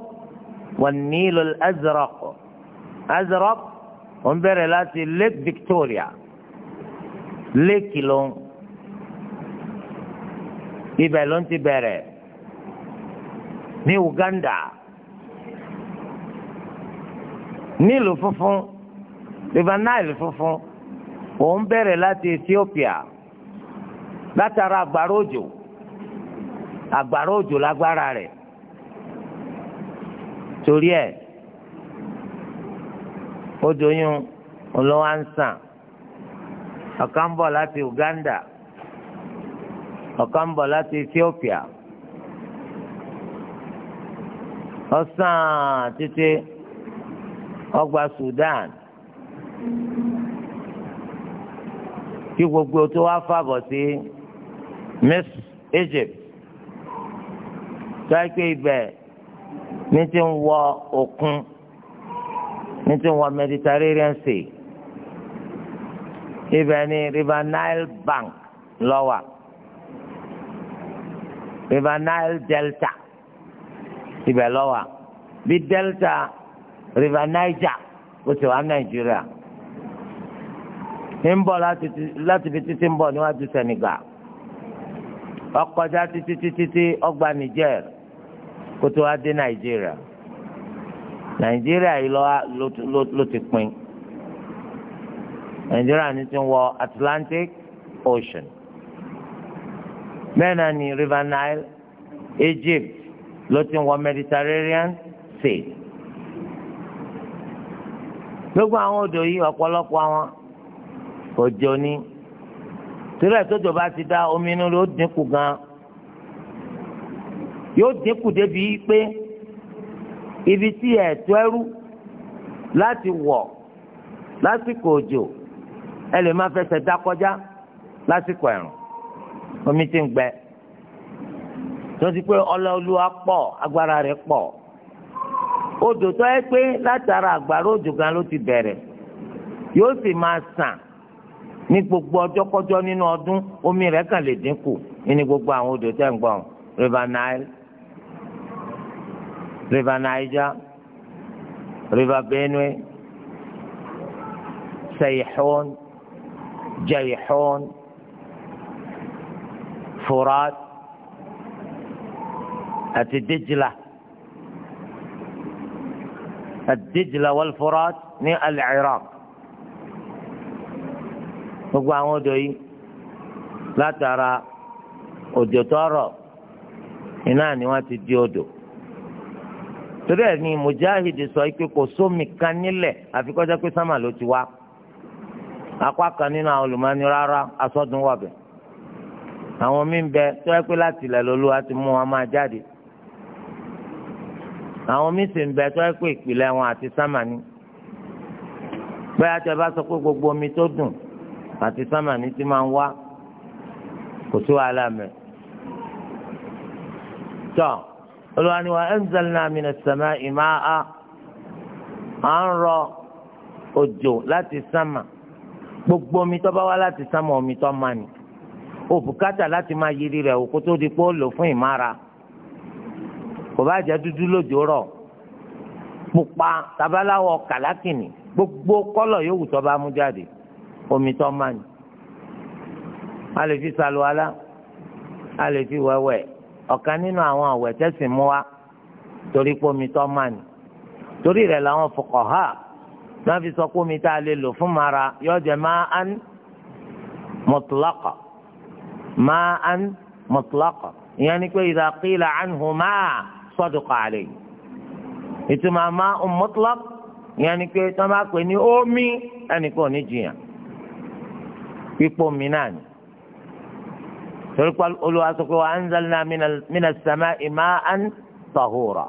wà nilo azraq azraq ó ń bẹ̀rẹ̀ láti lake victoria lake ló ń ibẹ̀ ló ń ti bẹ̀rẹ̀ ní uganda nílùú funfun river nile funfun ó ń láti ethiopia. látara agbara òjò agbara òjò lágbára rẹ̀ torí ẹ̀ òjò yún olówó ń sàn ọ̀kan ń bọ̀ láti Uganda ọ̀kan ń bọ̀ láti Ethiopia ọ̀sán títí ọgbà Sudan kí gbogbo tó wá fàbọ̀ sí. Si, Miss Egypt sáyẹ́kì ibẹ̀ ní ti ń wọ òkun ní ti ń wọ Mediterranean Sea ibẹ̀ ni River Nile Bank lọ́wọ́ River Nile Delta ibẹ̀ lọ́wọ́ bí Delta River Niger ó ti wà Nàìjíríà ń bọ̀ láti fi títí ń bọ̀ níwájú Senegal ọkọjá títí títí tí ọgbà Niger kó tó wá dé Nàìjíríà Nàìjíríà yìí ló ti pín Nàìjíríà ní ti wọ Atlantic Ocean bẹ́ẹ̀ náà ni River Nile Egypt ló ti wọ Mediterranean Sea gbogbo àwọn odò yìí ọ̀pọ̀lọpọ̀ àwọn òjò ni torí àtọ́jọ́ bá ti dá omi inú ló dínkù gan yóò dínkù débi pé ibi tí ẹ̀tọ́ ẹrú láti wọ̀ lásìkò òjò ẹ lè má fẹsẹ̀ dá kọjá lásìkò ẹ̀rùn omi ti ń gbẹ tó ti pé ọlọ́ọ̀lùwà pọ̀ agbára rẹ̀ pọ̀ odò tó yẹ pé látara àgbàrá òjò gan ló ti bẹ̀rẹ̀ yóò sì máa sàn ní gbogbo ọjọ́ kọjọ́ nínú ọdún omi rẹ̀ kàn lè dínkù ní gbogbo àwọn odò tẹ̀ ń gbọ̀n river nile river niger river benue sayihun jayihun furat àti dijla àti dijla wal ní al-iraq. gbogbo àwọn odò yìí látara òjò tọrọ iná ni wọ́n ti di odò torí ẹ̀ ni mujahid sọ pé kò sómi kan nílẹ̀ àfi kọjá pé sámà ló ti wá apá kan nínú àwọn olùmọ́ni rárá asọ́dún wọ̀bẹ̀ àwọn mí ń bẹ tó yẹ pé láti ilẹ̀ lolúwa ti mú wọn máa jáde àwọn mí sì ń bẹ tó yẹ pé ìpìlẹ̀ wọn àti sámà ni àti ẹ bá sọ pé gbogbo omi tó dùn àti sámà ní ti máa ń wá kò sí wàhálà mẹ́. tọ́ olúwa ni wa anzalna minas samaa'i ma'a à ń rọ òjò láti sámà gbogbo omi tó bá wá láti sámà omi tó máa nì òbúkátà láti máa yiri rẹ̀ òkú tó di pé ó lò fún ìmára kò bá jẹ́ dúdú lójó rọ̀ pupa tabaláwọ̀ kàlákìnì gbogbo kọ́lọ̀ yòówù tó bá mú jáde omi tó máa ní a lè fi ṣàlùwàlá a lè fi wẹ̀wẹ̀ ọ̀kan nínú àwọn àwẹ̀ tẹ̀sìn mú wa torí pé omi tó máa ní torí rẹ̀ làwọn fuqaha náà fi sọ pé omi tá a lè lò fún mara yóò jẹ́ ma'an mutlaqa ma'an mutlaqa ìyẹn ni pé idha qila anhu ma' sadaqa alayhi ìtumọ̀ ma'un mutlaq ìyẹn ni pé tí bá pè ní omi ẹnì kan ní jiyàn pípọ̀ mi náà ni torí pa olúwa sọ pé wa anzalna minas sama'i ma'an tahura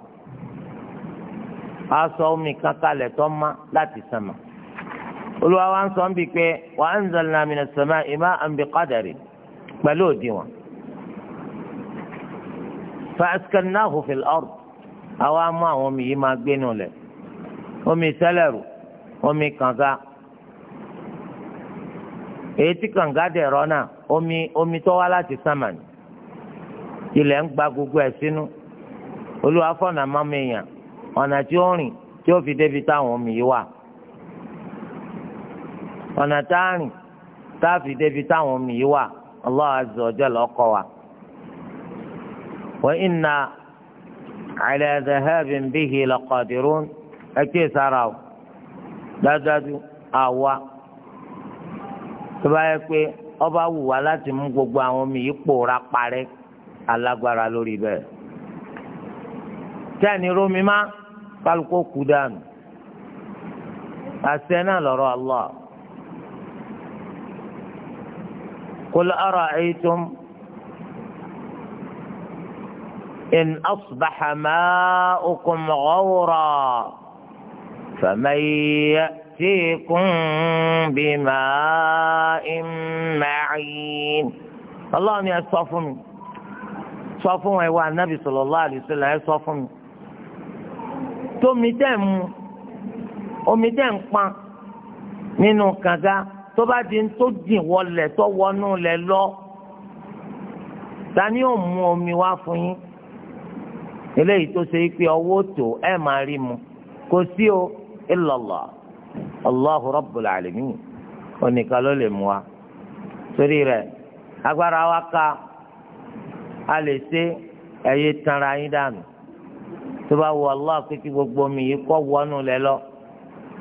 a sọ omi kankalẹ̀ tó ma láti sánmà olúwa wa ń sọ ń bi pé wa anzalna minas sama'i ma'an biqadari pẹ̀lú òdiwọ̀n fa askannahu fil ard àwa mú àwọn omi yìí máa gbénu lẹ̀ omi sẹ́lẹ̀rù omi kànga. èyí tí kànga omi omi tó wá láti sàmàní ilẹ̀ ń gba gbogbo ẹ̀ sínú olúwa fọ̀nà mọ́mọ ọ̀nà tí ó rìn tí ó fi débi táwọn omi yìí wà ọ̀nà tá a rìn tá a fi débi táwọn omi yìí wà Allah azza wa lọ́kọ̀ wa. sára o dájúdájú tó bá yẹ pé ọba wù wá láti mú gbogbo àwọn omi yìí pòórá parẹ́ alágbára lórí bẹ́ẹ̀ tẹ́ni rómi má kálukó kú dànù àṣẹ náà lọ́rọ̀ Allah qul ara'aytum in asbaha ma'ukum ghawra faman يأتيكم بماء معين ọlọ́run ni ẹ sọ fún صلى الله عليه وسلم ìwà anábì sallallahu alaihi wasallam ẹ sọ fún mi tómi tẹ̀ ń mu omi tẹ̀ ń pa nínú kànga tó bá di tó dìn wọlé tó wọnú lẹ lọ ta ni ó omi wá fún yín eléyìí tó ṣe é pé ọwọ́ tó ẹ̀ máa rí mu kò sí o illallah. allahu rabbul alamin oníkan ló lè mú wa torí rẹ̀ agbára wa ká a lè ṣe ẹyẹ tanra yín dànù tó bá wọ allah pé gbogbo mi yìí kọ́ wọnú lẹ lọ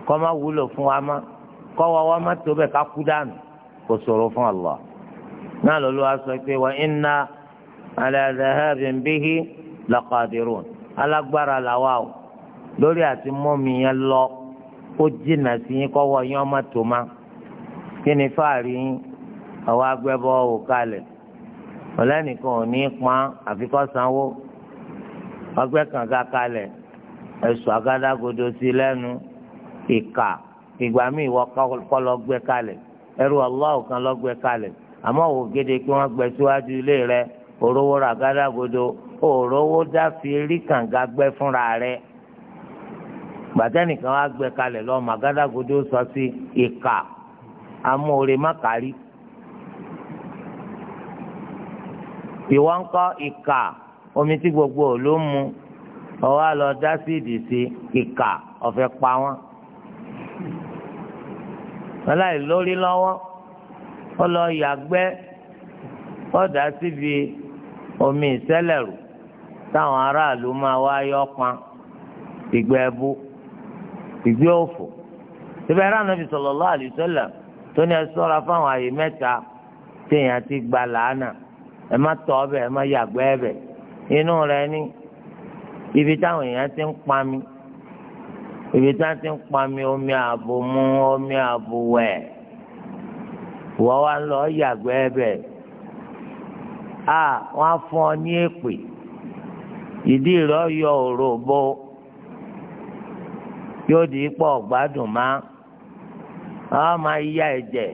k'ọ má wúlò fún wa má kọ́ wọ wa má tó bẹ́ẹ̀ ká kú dànù kò ṣòro fún allah náà lọ́lọ́ wa sọ pé wa inna ala dhahabin bihi laqadirun alágbára làwa o lórí àti mọ́mìyàn lọ. ó jìnnà sí yín kọ́wọ́ yín ọmọ tó má kí ni fáàrí yín àwọn agbẹ́bọ́ ò kalẹ̀ ọ̀lẹ́nìkan ò ní pọn àfikọ́ sanwó ọgbẹ́ kànga kalẹ̀ ẹ̀sùn agádágodo sí lẹ́nu ìkà ìgbà míì wọ́n kọ́ lọ gbẹ́ kalẹ̀ ẹrú ọlọ́ọ̀ kan lọ gbẹ́ kalẹ̀ àmọ́ òwò gèdè pé wọ́n gbẹ́ síwájú ilé rẹ̀ òróró ràgádágodo òróró dáfi rí kànga gbẹ́ fúnra rẹ̀ gbàtẹ́nìkan á gbẹ kalẹ̀ lọ màgádágodo sọ sí ìka amóore mákàrí ìwọ ń kọ́ ìka omi tí gbogbo ò ló mu ọwọ́ àlọ́ dá sí ìdìsí ìka ọ̀fẹ́ pa wọ́n aláì lórí lọ́wọ́ ó lọ yàgbẹ́ ó dá síbi omi ìsẹ́lẹ̀rù táwọn aráàlú máa wá pọn ìgbẹ́ bú. ìgbé òfò síbẹ̀ ẹ̀rọ ànábì sallallahu alaihi wasallam tó ní ẹ sọ́ra fáwọn àyè mẹ́ta téèyàn ti gba làánà ẹ má tọ̀ ọbẹ̀ ẹ má yàgbẹ́ ẹbẹ̀ inú rẹ ní ibi táwọn èèyàn ti ń pami ibi táwọn ti ń pami omi ààbò mú omi ààbò wẹ̀ wọ́n wá ń lọ yàgbẹ́ ẹbẹ̀ a wọ́n á fún ọ ní èpè ìdí rẹ̀ yọ òrò bó. yóò di pọ̀ gbádùn ma a ma ya ẹ̀jẹ̀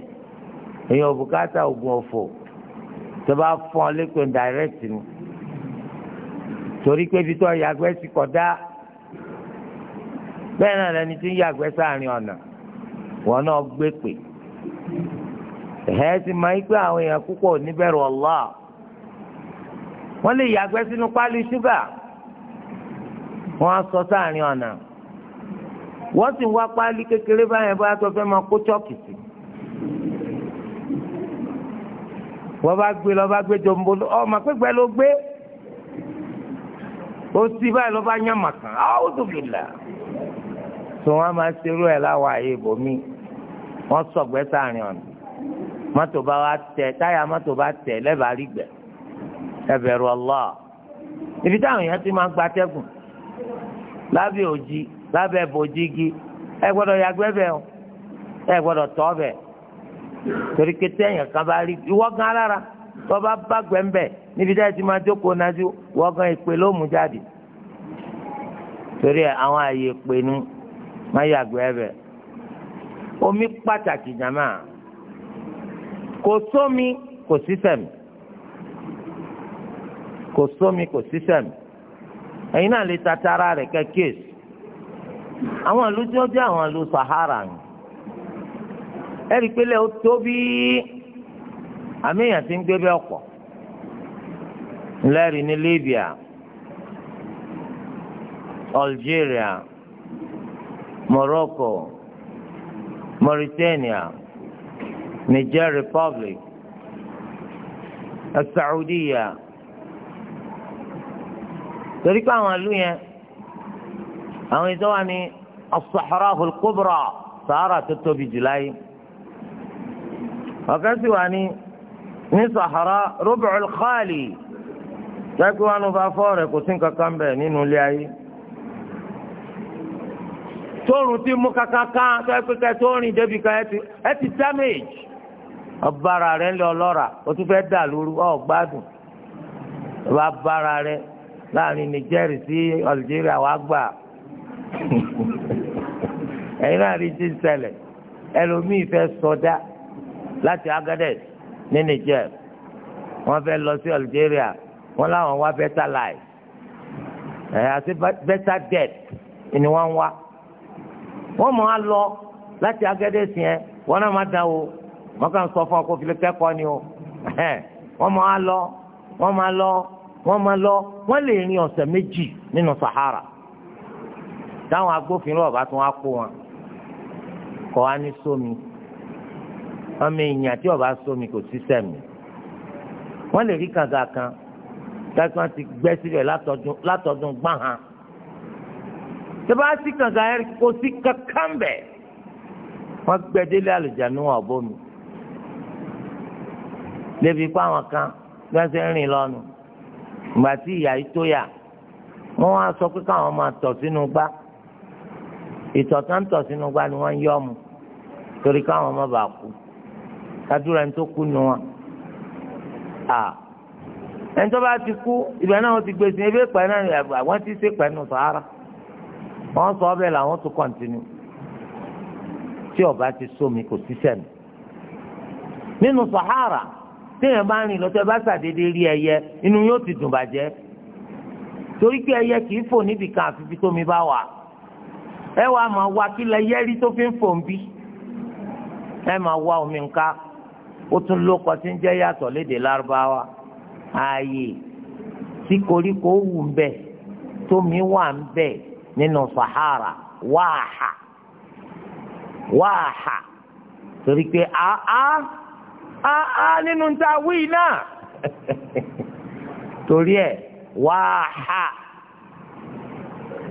èèyàn òbúkátà oògùn òfò tó bá fọn lẹ́kùn direct ni torí pé ibi tó yàgbẹ́ sí kọ̀dá bẹ́ẹ̀ náà lẹni tí ń yàgbẹ́ sáàrin ọ̀nà wọn náà gbé pè ti àwọn èèyàn púpọ̀ níbẹ̀rù wọ́n lè yàgbẹ́ sínú pálí ṣúgà wọ́n á wọ́n sì ń wá páálí kékeré báyẹn bá tó fẹ́ máa kó chọ́ọ̀kì sí. wọ́n bá gbé lọ́ọ́ bá gbé jòǹbó ọmọ pípẹ́ ló gbé ó sì báyìí lọ́ọ́ bá yàn màkàn áwọ̀ tó fi là. tó wọn máa ṣerú ẹ̀ láwọn àyè ibòmí wọ́n sọ̀gbẹ́ sáàrin ọ̀nà mọ́tò bá wa tẹ̀ táyà mọ́tò bá tẹ̀ lẹ́bàá rí gbẹ̀ ẹ bẹ̀rù ibi táwọn èèyàn ti máa gbatẹ́gùn lábẹ́ òjì lábẹ́ bòjú igi ẹ gbọ́dọ̀ yàgbẹ́ o ẹ gbọ́dọ̀ tọ̀ bẹ̀ torí kété èèyàn kan bá rí ìwọ gan alára tó bá bá gbẹ̀ǹbẹ̀ níbi dá ti máa jókòó omi pàtàkì jàmá kò sómi kò sí kò sómi kò ẹ̀yin náà lè ta tara àwọn ìlú tí ó jẹ́ àwọn ìlú Sahara ni ẹ̀rí pélé ó tóbi àmì ti ń gbé bẹ pọ̀ lẹ́rìí ní Libya Algeria Morocco Mauritania Niger Republic Saudiya torí pé àwọn ìlú yẹn. àwọn ètò wa ní as-Sahra'ul Kubra sahara tó tóbi jù láyé ọ̀kan sì wà ní ní sahara Rub'ul Khali jẹ́kí wọn bá fọ́ rẹ̀ kò sí kankan bẹ̀ nínú ilé ayé tóorùn tí mú kankan tó ẹ pé kẹ́ẹ́ débi kan ẹ ti damage ọ̀bára rẹ̀ ń lọ lọ́ra o tún fẹ́ dà lóru ọ̀ gbádùn ọba bára rẹ̀ láàrin Niger sí Algeria wàá gbà. <laughs> ẹ̀yin náà rí ti ṣẹlẹ̀ ẹlòmíì fẹ́ sọdá láti Agadez ní Niger wọ́n fẹ́ lọ sí Algeria wọ́n láwọn wá better life ẹ̀ àti better death ni wọ́n wá wọ́n mọ̀ á lọ láti Agadez yẹn wọ́n náà má dán o wọ́n kàn sọ fún ọ kó fili kẹ́kọ̀ọ́ ni o wọ́n mọ̀ á lọ wọ́n má lọ wọ́n má lọ wọ́n lè rin ọ̀sẹ̀ méjì nínú Sahara. táwọn agbófinró ọba tún wá kó wọn kọ wá ní sómi ọmọ èèyàn tí ọba sómi kò sí sẹmi wọn lè rí kànga kan dájú wọn ti gbẹ́ síbẹ̀ látọdún gbọn hàn tẹ́bá sí kànga yẹn kò sí kankan bẹ̀ wọ́n gbẹ́ délé àlùjáde wọn ọ̀bọ mi lébi pa àwọn kan bí wọ́n ṣe ń rìn lọ́nu ìgbà tí ìyá yìí tó yà wọ́n wá sọ pé káwọn máa tọ̀ sínú gbá ìtọ̀tọ̀ntọ̀ sínú gba ni wọ́n ń yọ ọmọ torí káwọn ọmọ bá kú kádúrà ẹni tó kú nu wọn. ẹni tó bá ti kú ìgbà náà wọ́n ti gbèsè ebí pẹ́ náà wọ́n ti ṣe pẹ́ nù sàárà wọ́n sọ ọbẹ̀ làwọn tó kọ̀ǹtínú tí ọba ti sómi kò sí sẹ́nu. nínú sàárà téèyàn bá rìn lọ́tọ́ bá ṣàdédé rí ẹyẹ inú yóò ti dùn bàjẹ́ torí pé ẹyẹ kì í fò níbi àfi fi tómi bá wà ẹ wàá máa wá kí lẹ yẹ́rí tó fi ń fò ń bí ẹ máa wá omi nǹka ó tún lóko tí ń jẹ́ yàtọ̀ lédè lárúbáwá ààyè tí koríko wù ń bẹ tómi wà ń bẹ nínú Sahara wáàhà wáàhà torí pé àá àá nínú ta wíì náà <laughs> torí ẹ wáàhà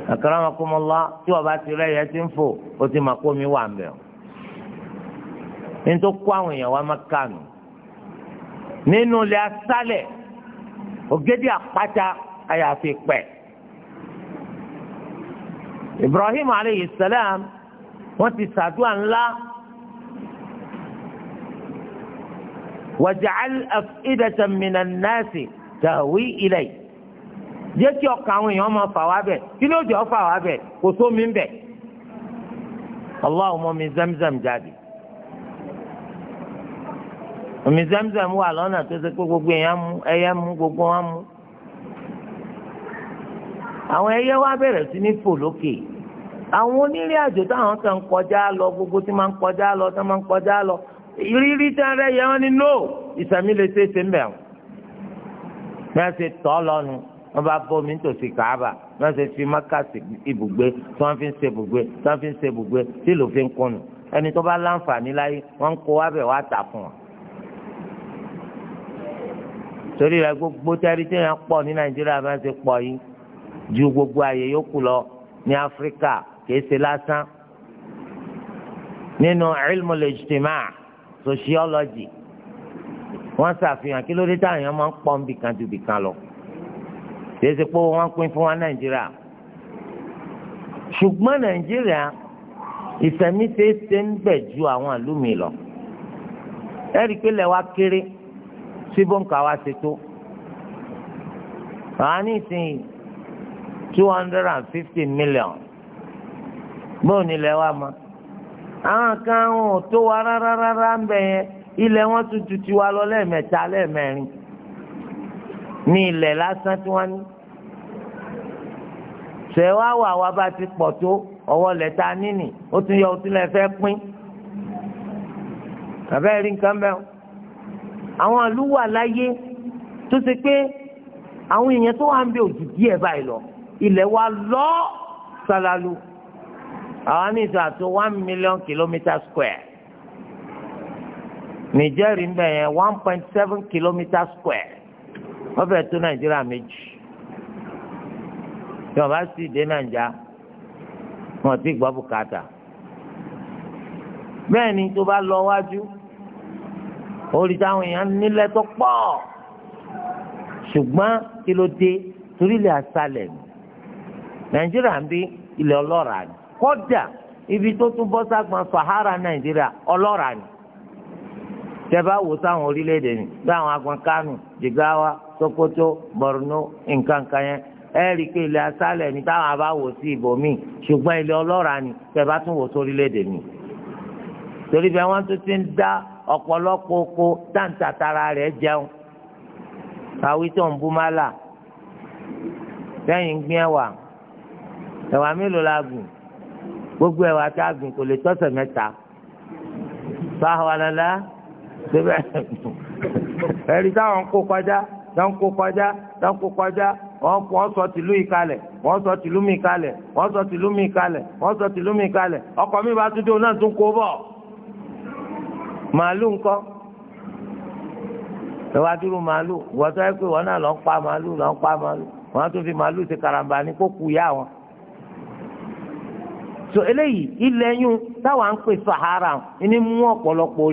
akaramakumọlá tí wọn bá ti rẹ yẹn ti ń fò ó ti máa kó mi wà mbẹ o nítorí kó àwọn èèyàn wá má kànú nínú ilé asálẹ̀ ògidì àpáta àyàfi pẹ Ibrahim aleyhi salam wọn ti sàdúrà ńlá wàjàcal afidatan minan nasi tahwi ilayhi jẹ́ kí ọkàn àwọn èèyàn máa fà wá bẹ̀ kí ló jọ fà wá bẹ̀ kò sómi ń bẹ̀. Allahu mọ mi zamzam jáde omi zamzam wà lọ́nà tó ṣe pé gbogbo èèyàn mú ẹyẹ mú gbogbo wọn mú àwọn ẹyẹ wá bẹ̀rẹ̀ sí ní fò lókè àwọn onírìn àjò táwọn kan kọjá lọ gbogbo tí máa ń kọjá lọ tí máa ń kọjá lọ rírí tẹ́rẹ̀ yẹ wọ́n ní no ìsàmì lè ṣe é ṣe ń bẹ̀rù bí ṣe tọ́ lọ́nu wọ́n bá bọ́ mi nítòsí kàába wọ́n ṣe fi mákàsí ibùgbé tí wọ́n fi ń ṣe ibùgbé tí wọ́n fi ń ṣe ibùgbé tí ló fi ń kùnù ẹni tó bá láǹfààní láyé wọ́n ń kó wábẹ̀ wá tà fún wọn. torí rẹ gbogbo tẹ́rí tí wọ́n pọ̀ ní nàìjíríà máa ń ṣe pọ̀ yìí ju gbogbo àyè yòókù lọ ní áfíríkà kìí ṣe lásán nínú ilmu lejtima sociology wọ́n ṣàfihàn kí ló dé táwọn èèyàn máa ń pọ̀ ń ju bìkan lọ yẹsẹ pé wọ́n pín fún wa nàìjíríà ṣùgbọ́n nàìjíríà ìsẹmí ṣeéṣe ń bẹ ju àwọn ìlú mi lọ ẹrí pé lẹ wa kéré síbòǹkà wa ṣe tó àwọn nísìnyí two hundred and fifty million bóun ni lẹ wa mọ àwọn kan ò tó wa rárá rárá ń bẹ yẹn ilẹ̀ wọn tún tutù wa lọ lẹ́ẹ̀mẹ́ta lẹ́ẹ̀mẹ́rin ní ilẹ̀ lásán tí wọ́n ní ṣe wá wà wá bá ti pọ̀ tó ọwọ́ lẹ́ta níní ó tún yọ òtún lẹ́ fẹ́ pín àbẹ́ rí nǹkan bẹ́ẹ̀ àwọn ìlú wà láyé tó ṣe pé àwọn èèyàn tó wà ń bẹ òjì díẹ̀ báyìí lọ ilẹ̀ wa lọ sàlàlù àwọn ní ìtàn àti one million kilometre square Nigeria ń bẹ yẹn one point seven kilometre square wọ́n fẹ́ tó Nàìjíríà méjì tí wọn bá sì dé nàìjà wọn ti gbọ́ bùkátà bẹ́ẹ̀ ni tó bá lọ wájú orí táwọn èèyàn nílẹ̀ tó pọ̀ ṣùgbọ́n kí ló dé torí ilẹ̀ aṣálẹ̀ ni nàìjíríà ń bí ilẹ̀ ọlọ́ràá ni kódà ibi tó tún bọ́ ságbọn sahara nàìjíríà ọlọ́ràá ni tẹ́bá wò sáwọn orílẹ̀-èdè ni sáwọn agbọn kánò jìgáwá sokoto borno nǹkan kan yẹn ẹ rí pé ilẹ̀ asálẹ̀ ní táwọn bá wò sí ibòmíì ṣùgbọ́n ilẹ̀ ọlọ́ra ni tẹ́ bá tún wò sórílẹ̀-èdè mi. torí bẹ́ẹ̀ wọ́n tún ti ń dá ọ̀pọ̀lọpọ̀ oko táǹtà tara rẹ̀ jẹun. kàwé tó ń bú málà lẹ́yìn gbin ẹ̀wà ẹ̀wà mélòó la gùn gbogbo ẹ̀wà tá a gùn kò lè tọ́sẹ̀ mẹ́ta. fáwọn alẹ́ síbẹ̀ <laughs> ẹ̀rí táwọn kó kọjá táwọn kó kọjá táwọn kó kọjá wọ́n sọ tìlú yìí kalẹ̀ wọ́n sọ tìlú mi kalẹ̀ wọ́n sọ tìlú mi sọ tìlú mi kalẹ̀ ọkọ̀ mi bá tún náà tún kó bọ̀ màálù ńkọ́ lọ́wọ́ adúrú màálù ẹ pé náà ń màálù ń pa màálù tún màálù ní kó kú yá wọn. so eléyìí ilẹ̀ yún táwa ń pè sahara ní mú ọ̀pọ̀lọpọ̀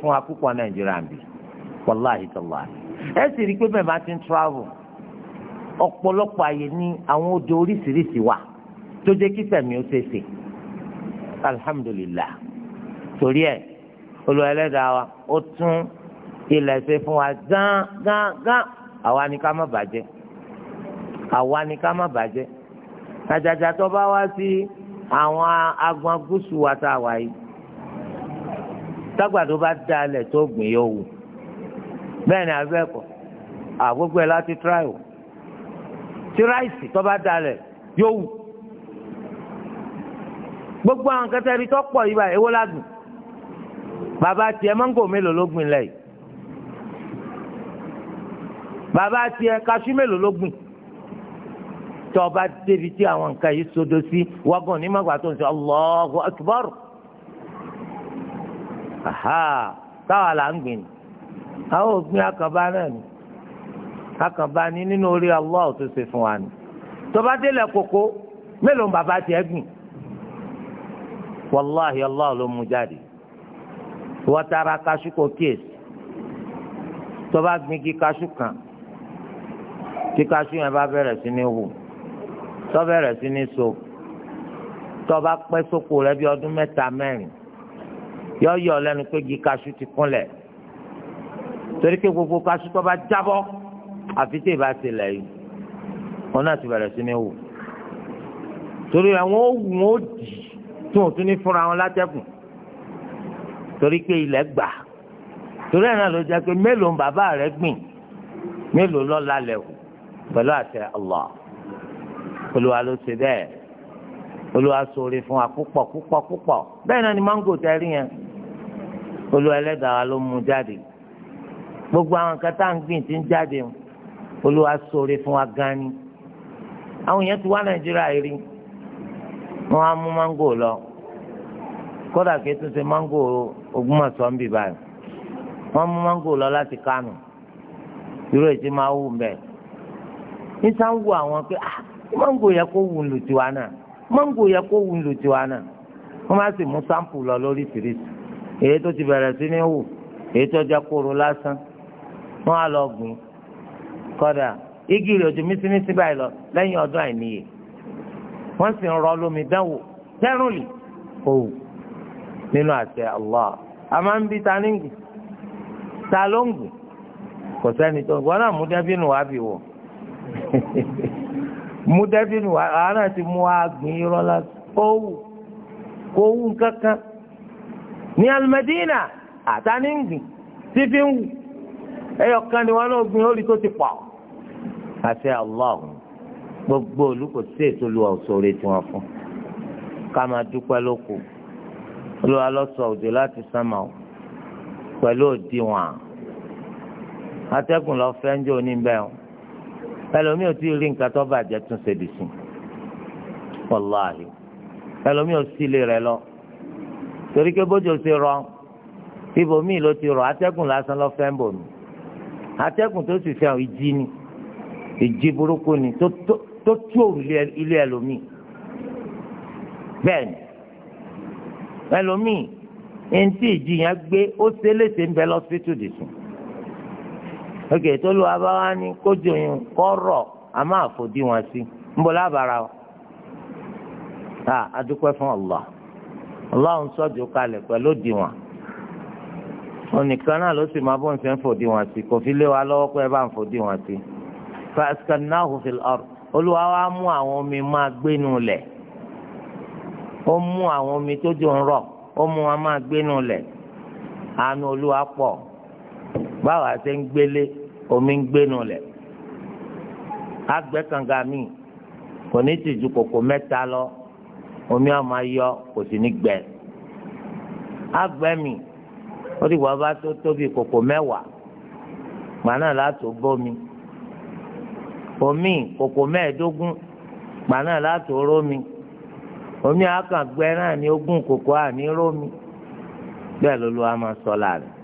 fún wa púpọ̀ ọ̀pọ̀lọpọ̀ àyè ní àwọn odò oríṣiríṣi wà tó jẹ́ kí sẹ̀mí ó ṣeéṣe alhamdulilah torí ẹ̀ olú ẹlẹ́dàá wa ó tún ilẹ̀ ṣe fún wa gán gán gán àwa ni ká má bàjẹ́ àwa ni ká má bàjẹ́ àjàjà tó bá wá sí àwọn agbọn gúúsù wa tá a wà yìí tágbàdo bá dá tó gbìn yóò wù bẹ́ẹ̀ ni abẹ́ẹ̀kọ́ àgbógbó ẹ̀ láti tíráì tí ráìsì tó bá dalẹ̀ yóò wù gbogbo àwọn kẹtẹ ẹni tó pọ̀ yìí báyìí ewó ládùn bàbá tiẹ̀ mango mélòó ló gbìn lẹ́yìn bàbá tiẹ̀ kaṣú mélòó ló gbìn tó bá débi tí àwọn nǹkan yìí sodo sí wọ́gàn ní mọ́gbà tó ń sọ Allahu Akbar aha táwa là ń gbìn àwọn ògbìn akọ̀bá náà ni akànbá ni nínú orí Allah tó ṣe fún wa ni tọba délẹ̀ koko mélòó ń bàbá tiẹ̀ gbìn wàláhi Allah ló mú jáde wọ́n tara kaṣu kò kíyèsí tọba gbìn kí kaṣu kan tí kaṣu yẹn bá bẹ̀rẹ̀ sí ní hù tọ́ sí ní so tọba pẹ́ sóko rẹ bí ọdún mẹ́ta mẹ́rin yọ yọ lẹ́nu pé igi ti kúnlẹ̀ torí pé gbogbo kaṣu tó jábọ́ àfi tí ìbá ti lẹ̀ yìí wọn náà ti bẹ̀rẹ̀ sí ni wò torí àwọn oògùn ó dì tí wọn tún ní fúnra wọn látẹ̀kùn torí pé ilẹ̀ gbà torí ẹ̀ náà ló jẹ́ pé mélòó bàbá rẹ̀ gbìn mélòó lọ́la lẹ̀ wò pẹ̀lú àṣẹ Allah olúwa ló ṣe bẹ́ẹ̀ olúwa ṣoore fún wa púpọ̀ púpọ̀ púpọ̀ bẹ́ẹ̀ náà ni máńgò tẹ́rí yẹn olúwa ẹlẹ́dàá wa ló mú jáde gbogbo àwọn kan ń gbìn tí ń jáde wọn olúwa ṣoore fún wa gan ni àwọn èèyàn ti wá nàìjíríà yìí rí wọn á mú máńgò lọ kódà kí tún ṣe máńgò Ògbómọ̀ṣọ́ ń bì báyìí wọn mú máńgò lọ láti Kánò irú èyí tí máa wù mbẹ níta ń wù àwọn pé ah máńgò yẹ kó wù lù tiwa náà máńgò yẹ kó wù lù tiwa náà wọn bá sì mú sáǹpù lọ lóríṣiríṣi èyí tó ti bẹ̀rẹ̀ sí ní wù èyí tó jẹ́ kóró lásán wọn á lọ gbìn kọ́dà igi rẹ̀ ojú mísímísí báyìí lọ lẹ́yìn ọdún àìníye wọ́n sì ń rọ lómi dánwò tẹ́rùnlì òwò nínú àṣẹ Allah a ma ta ní ta ló ń kò sẹ́ni tó gbọ́n náà mú dẹ́bínú bì wọ̀ <laughs> mú dẹ́bínú àwọn náà ti mú wa gbìn irọ́ la kó kankan ní alimẹ́dínà ti pọ̀ àti Allah gbogbo olùkọ́ sí ètò olúwa òṣòro tí wọ́n fún ká máa dúpẹ́ lóko olúwa lọ́sọ̀ òjò láti sánmà o pẹ̀lú òdiwọ̀n atẹ́gùn lọ fẹ́ ń jẹ́ oníbẹ̀ o ẹlòmíì ò tí ì rí nǹkan tó bàjẹ́ tún ṣe dì sí wàláhì ẹlòmíì ò sí ilé rẹ lọ torí pé bójú ṣe rọ ibòmíì ló ti rọ atẹ́gùn lásán lọ ń bò mí atẹ́gùn tó sì fẹ́ ìjì ni ìjì burúkú ni tó tó òrùlé ilé ẹlòmíì bẹ́ẹ̀ni ẹlòmíì eŋti ìjì yẹn gbé ó ṣe léṣe ń bẹ lọ́sítù dìsùn ok tó lu abáwá ni kójú yín kọ́ rọ̀ a máa fòdí wọn sí ń bọ̀ lábàárà o a adúpẹ́ fún Allah Allah ń sọ́jú kalẹ̀ pẹ̀lú diwọn onìkan náà ló sì máa bó ń ṣe ń fòdí wọn sí kò fi lé wa lọ́wọ́ pé ẹ bá ń fòdí wọn sí fa askannahu fil ard olúwa wa mú àwọn omi máa gbénu lẹ̀ ó mú àwọn omi tó jò ń rọ̀ ó mú wọn máa gbénu lẹ̀ àánú olúwa pọ̀ báwa ṣe ń gbélé omi ń gbénu lẹ̀ agbẹ́kànga mi kò ní tìjú kòkò mẹ́ta lọ omi àmọ́ ayọ̀ kò sì ní gbẹ agbẹ́mi ó dìgbà bá tó tóbi kòkò mẹ́wàá gbà náà bómi omi koko mẹ́ẹ̀ẹ́dógún gbaná láti rómi omi àkàngbẹ náà ní ogún kòkó àní rómi bẹ́ẹ̀ ló lu àmọ́ sọ́la rẹ̀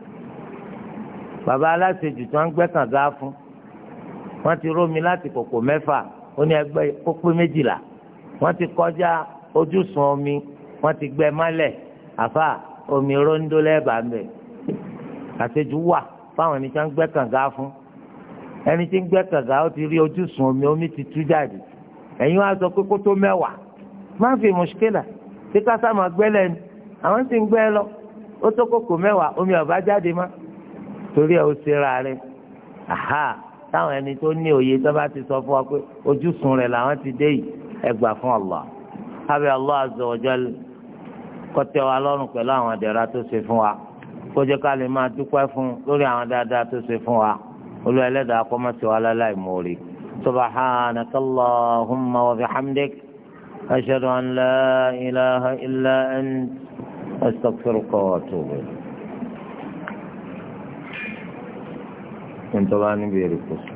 bàbá aláṣejù tó ń gbẹ́ kànga fún wọ́n ti rómi láti kòkò mẹ́fà ó ní ẹgbẹ́ ó pé méjìlá wọ́n ti kọjá ojúsùn omi wọ́n ti gbẹ́ mọ́lẹ̀ àfà omi róńdó lẹ́ẹ̀bà ń bẹ̀ àṣejù wà fáwọn ẹni tó ń gbẹ́ fún ẹni tí ń gbẹ́ kànga ó ti rí ojúsùn omi omi ti tú jáde ẹ̀yin wá sọ pé kó tó mẹ́wàá má fi mùsùkìlà tí kásá máa gbẹ́lẹ̀ ni àwọn sì ń gbẹ́ lọ ó tó kókò mẹ́wàá omi ọ̀bá jáde má torí ẹ̀ ó ṣera rẹ̀ àhà táwọn ẹni tó ní òye tó bá ti sọ fún wa pé ojúsùn rẹ̀ làwọn ti dé yìí ẹ gbà fún Allah abẹ́ Allah azza wa jal kó tẹ́ wa lọ́rùn pẹ̀lú àwọn àdẹ̀rà tó ṣe fún wa kó jẹ́ ká lè máa dúpẹ́ fún lórí àwọn dáadáa tó ṣe fún wa olú ẹlẹ́dàá kọ́mọ́sí wa láláì mórí subhanaka allahumma wa bihamdik ashhadu an la ilaha illa ant astaghfiruka wa atubu ilayk. ntọ́ba níbi èrè kò sí.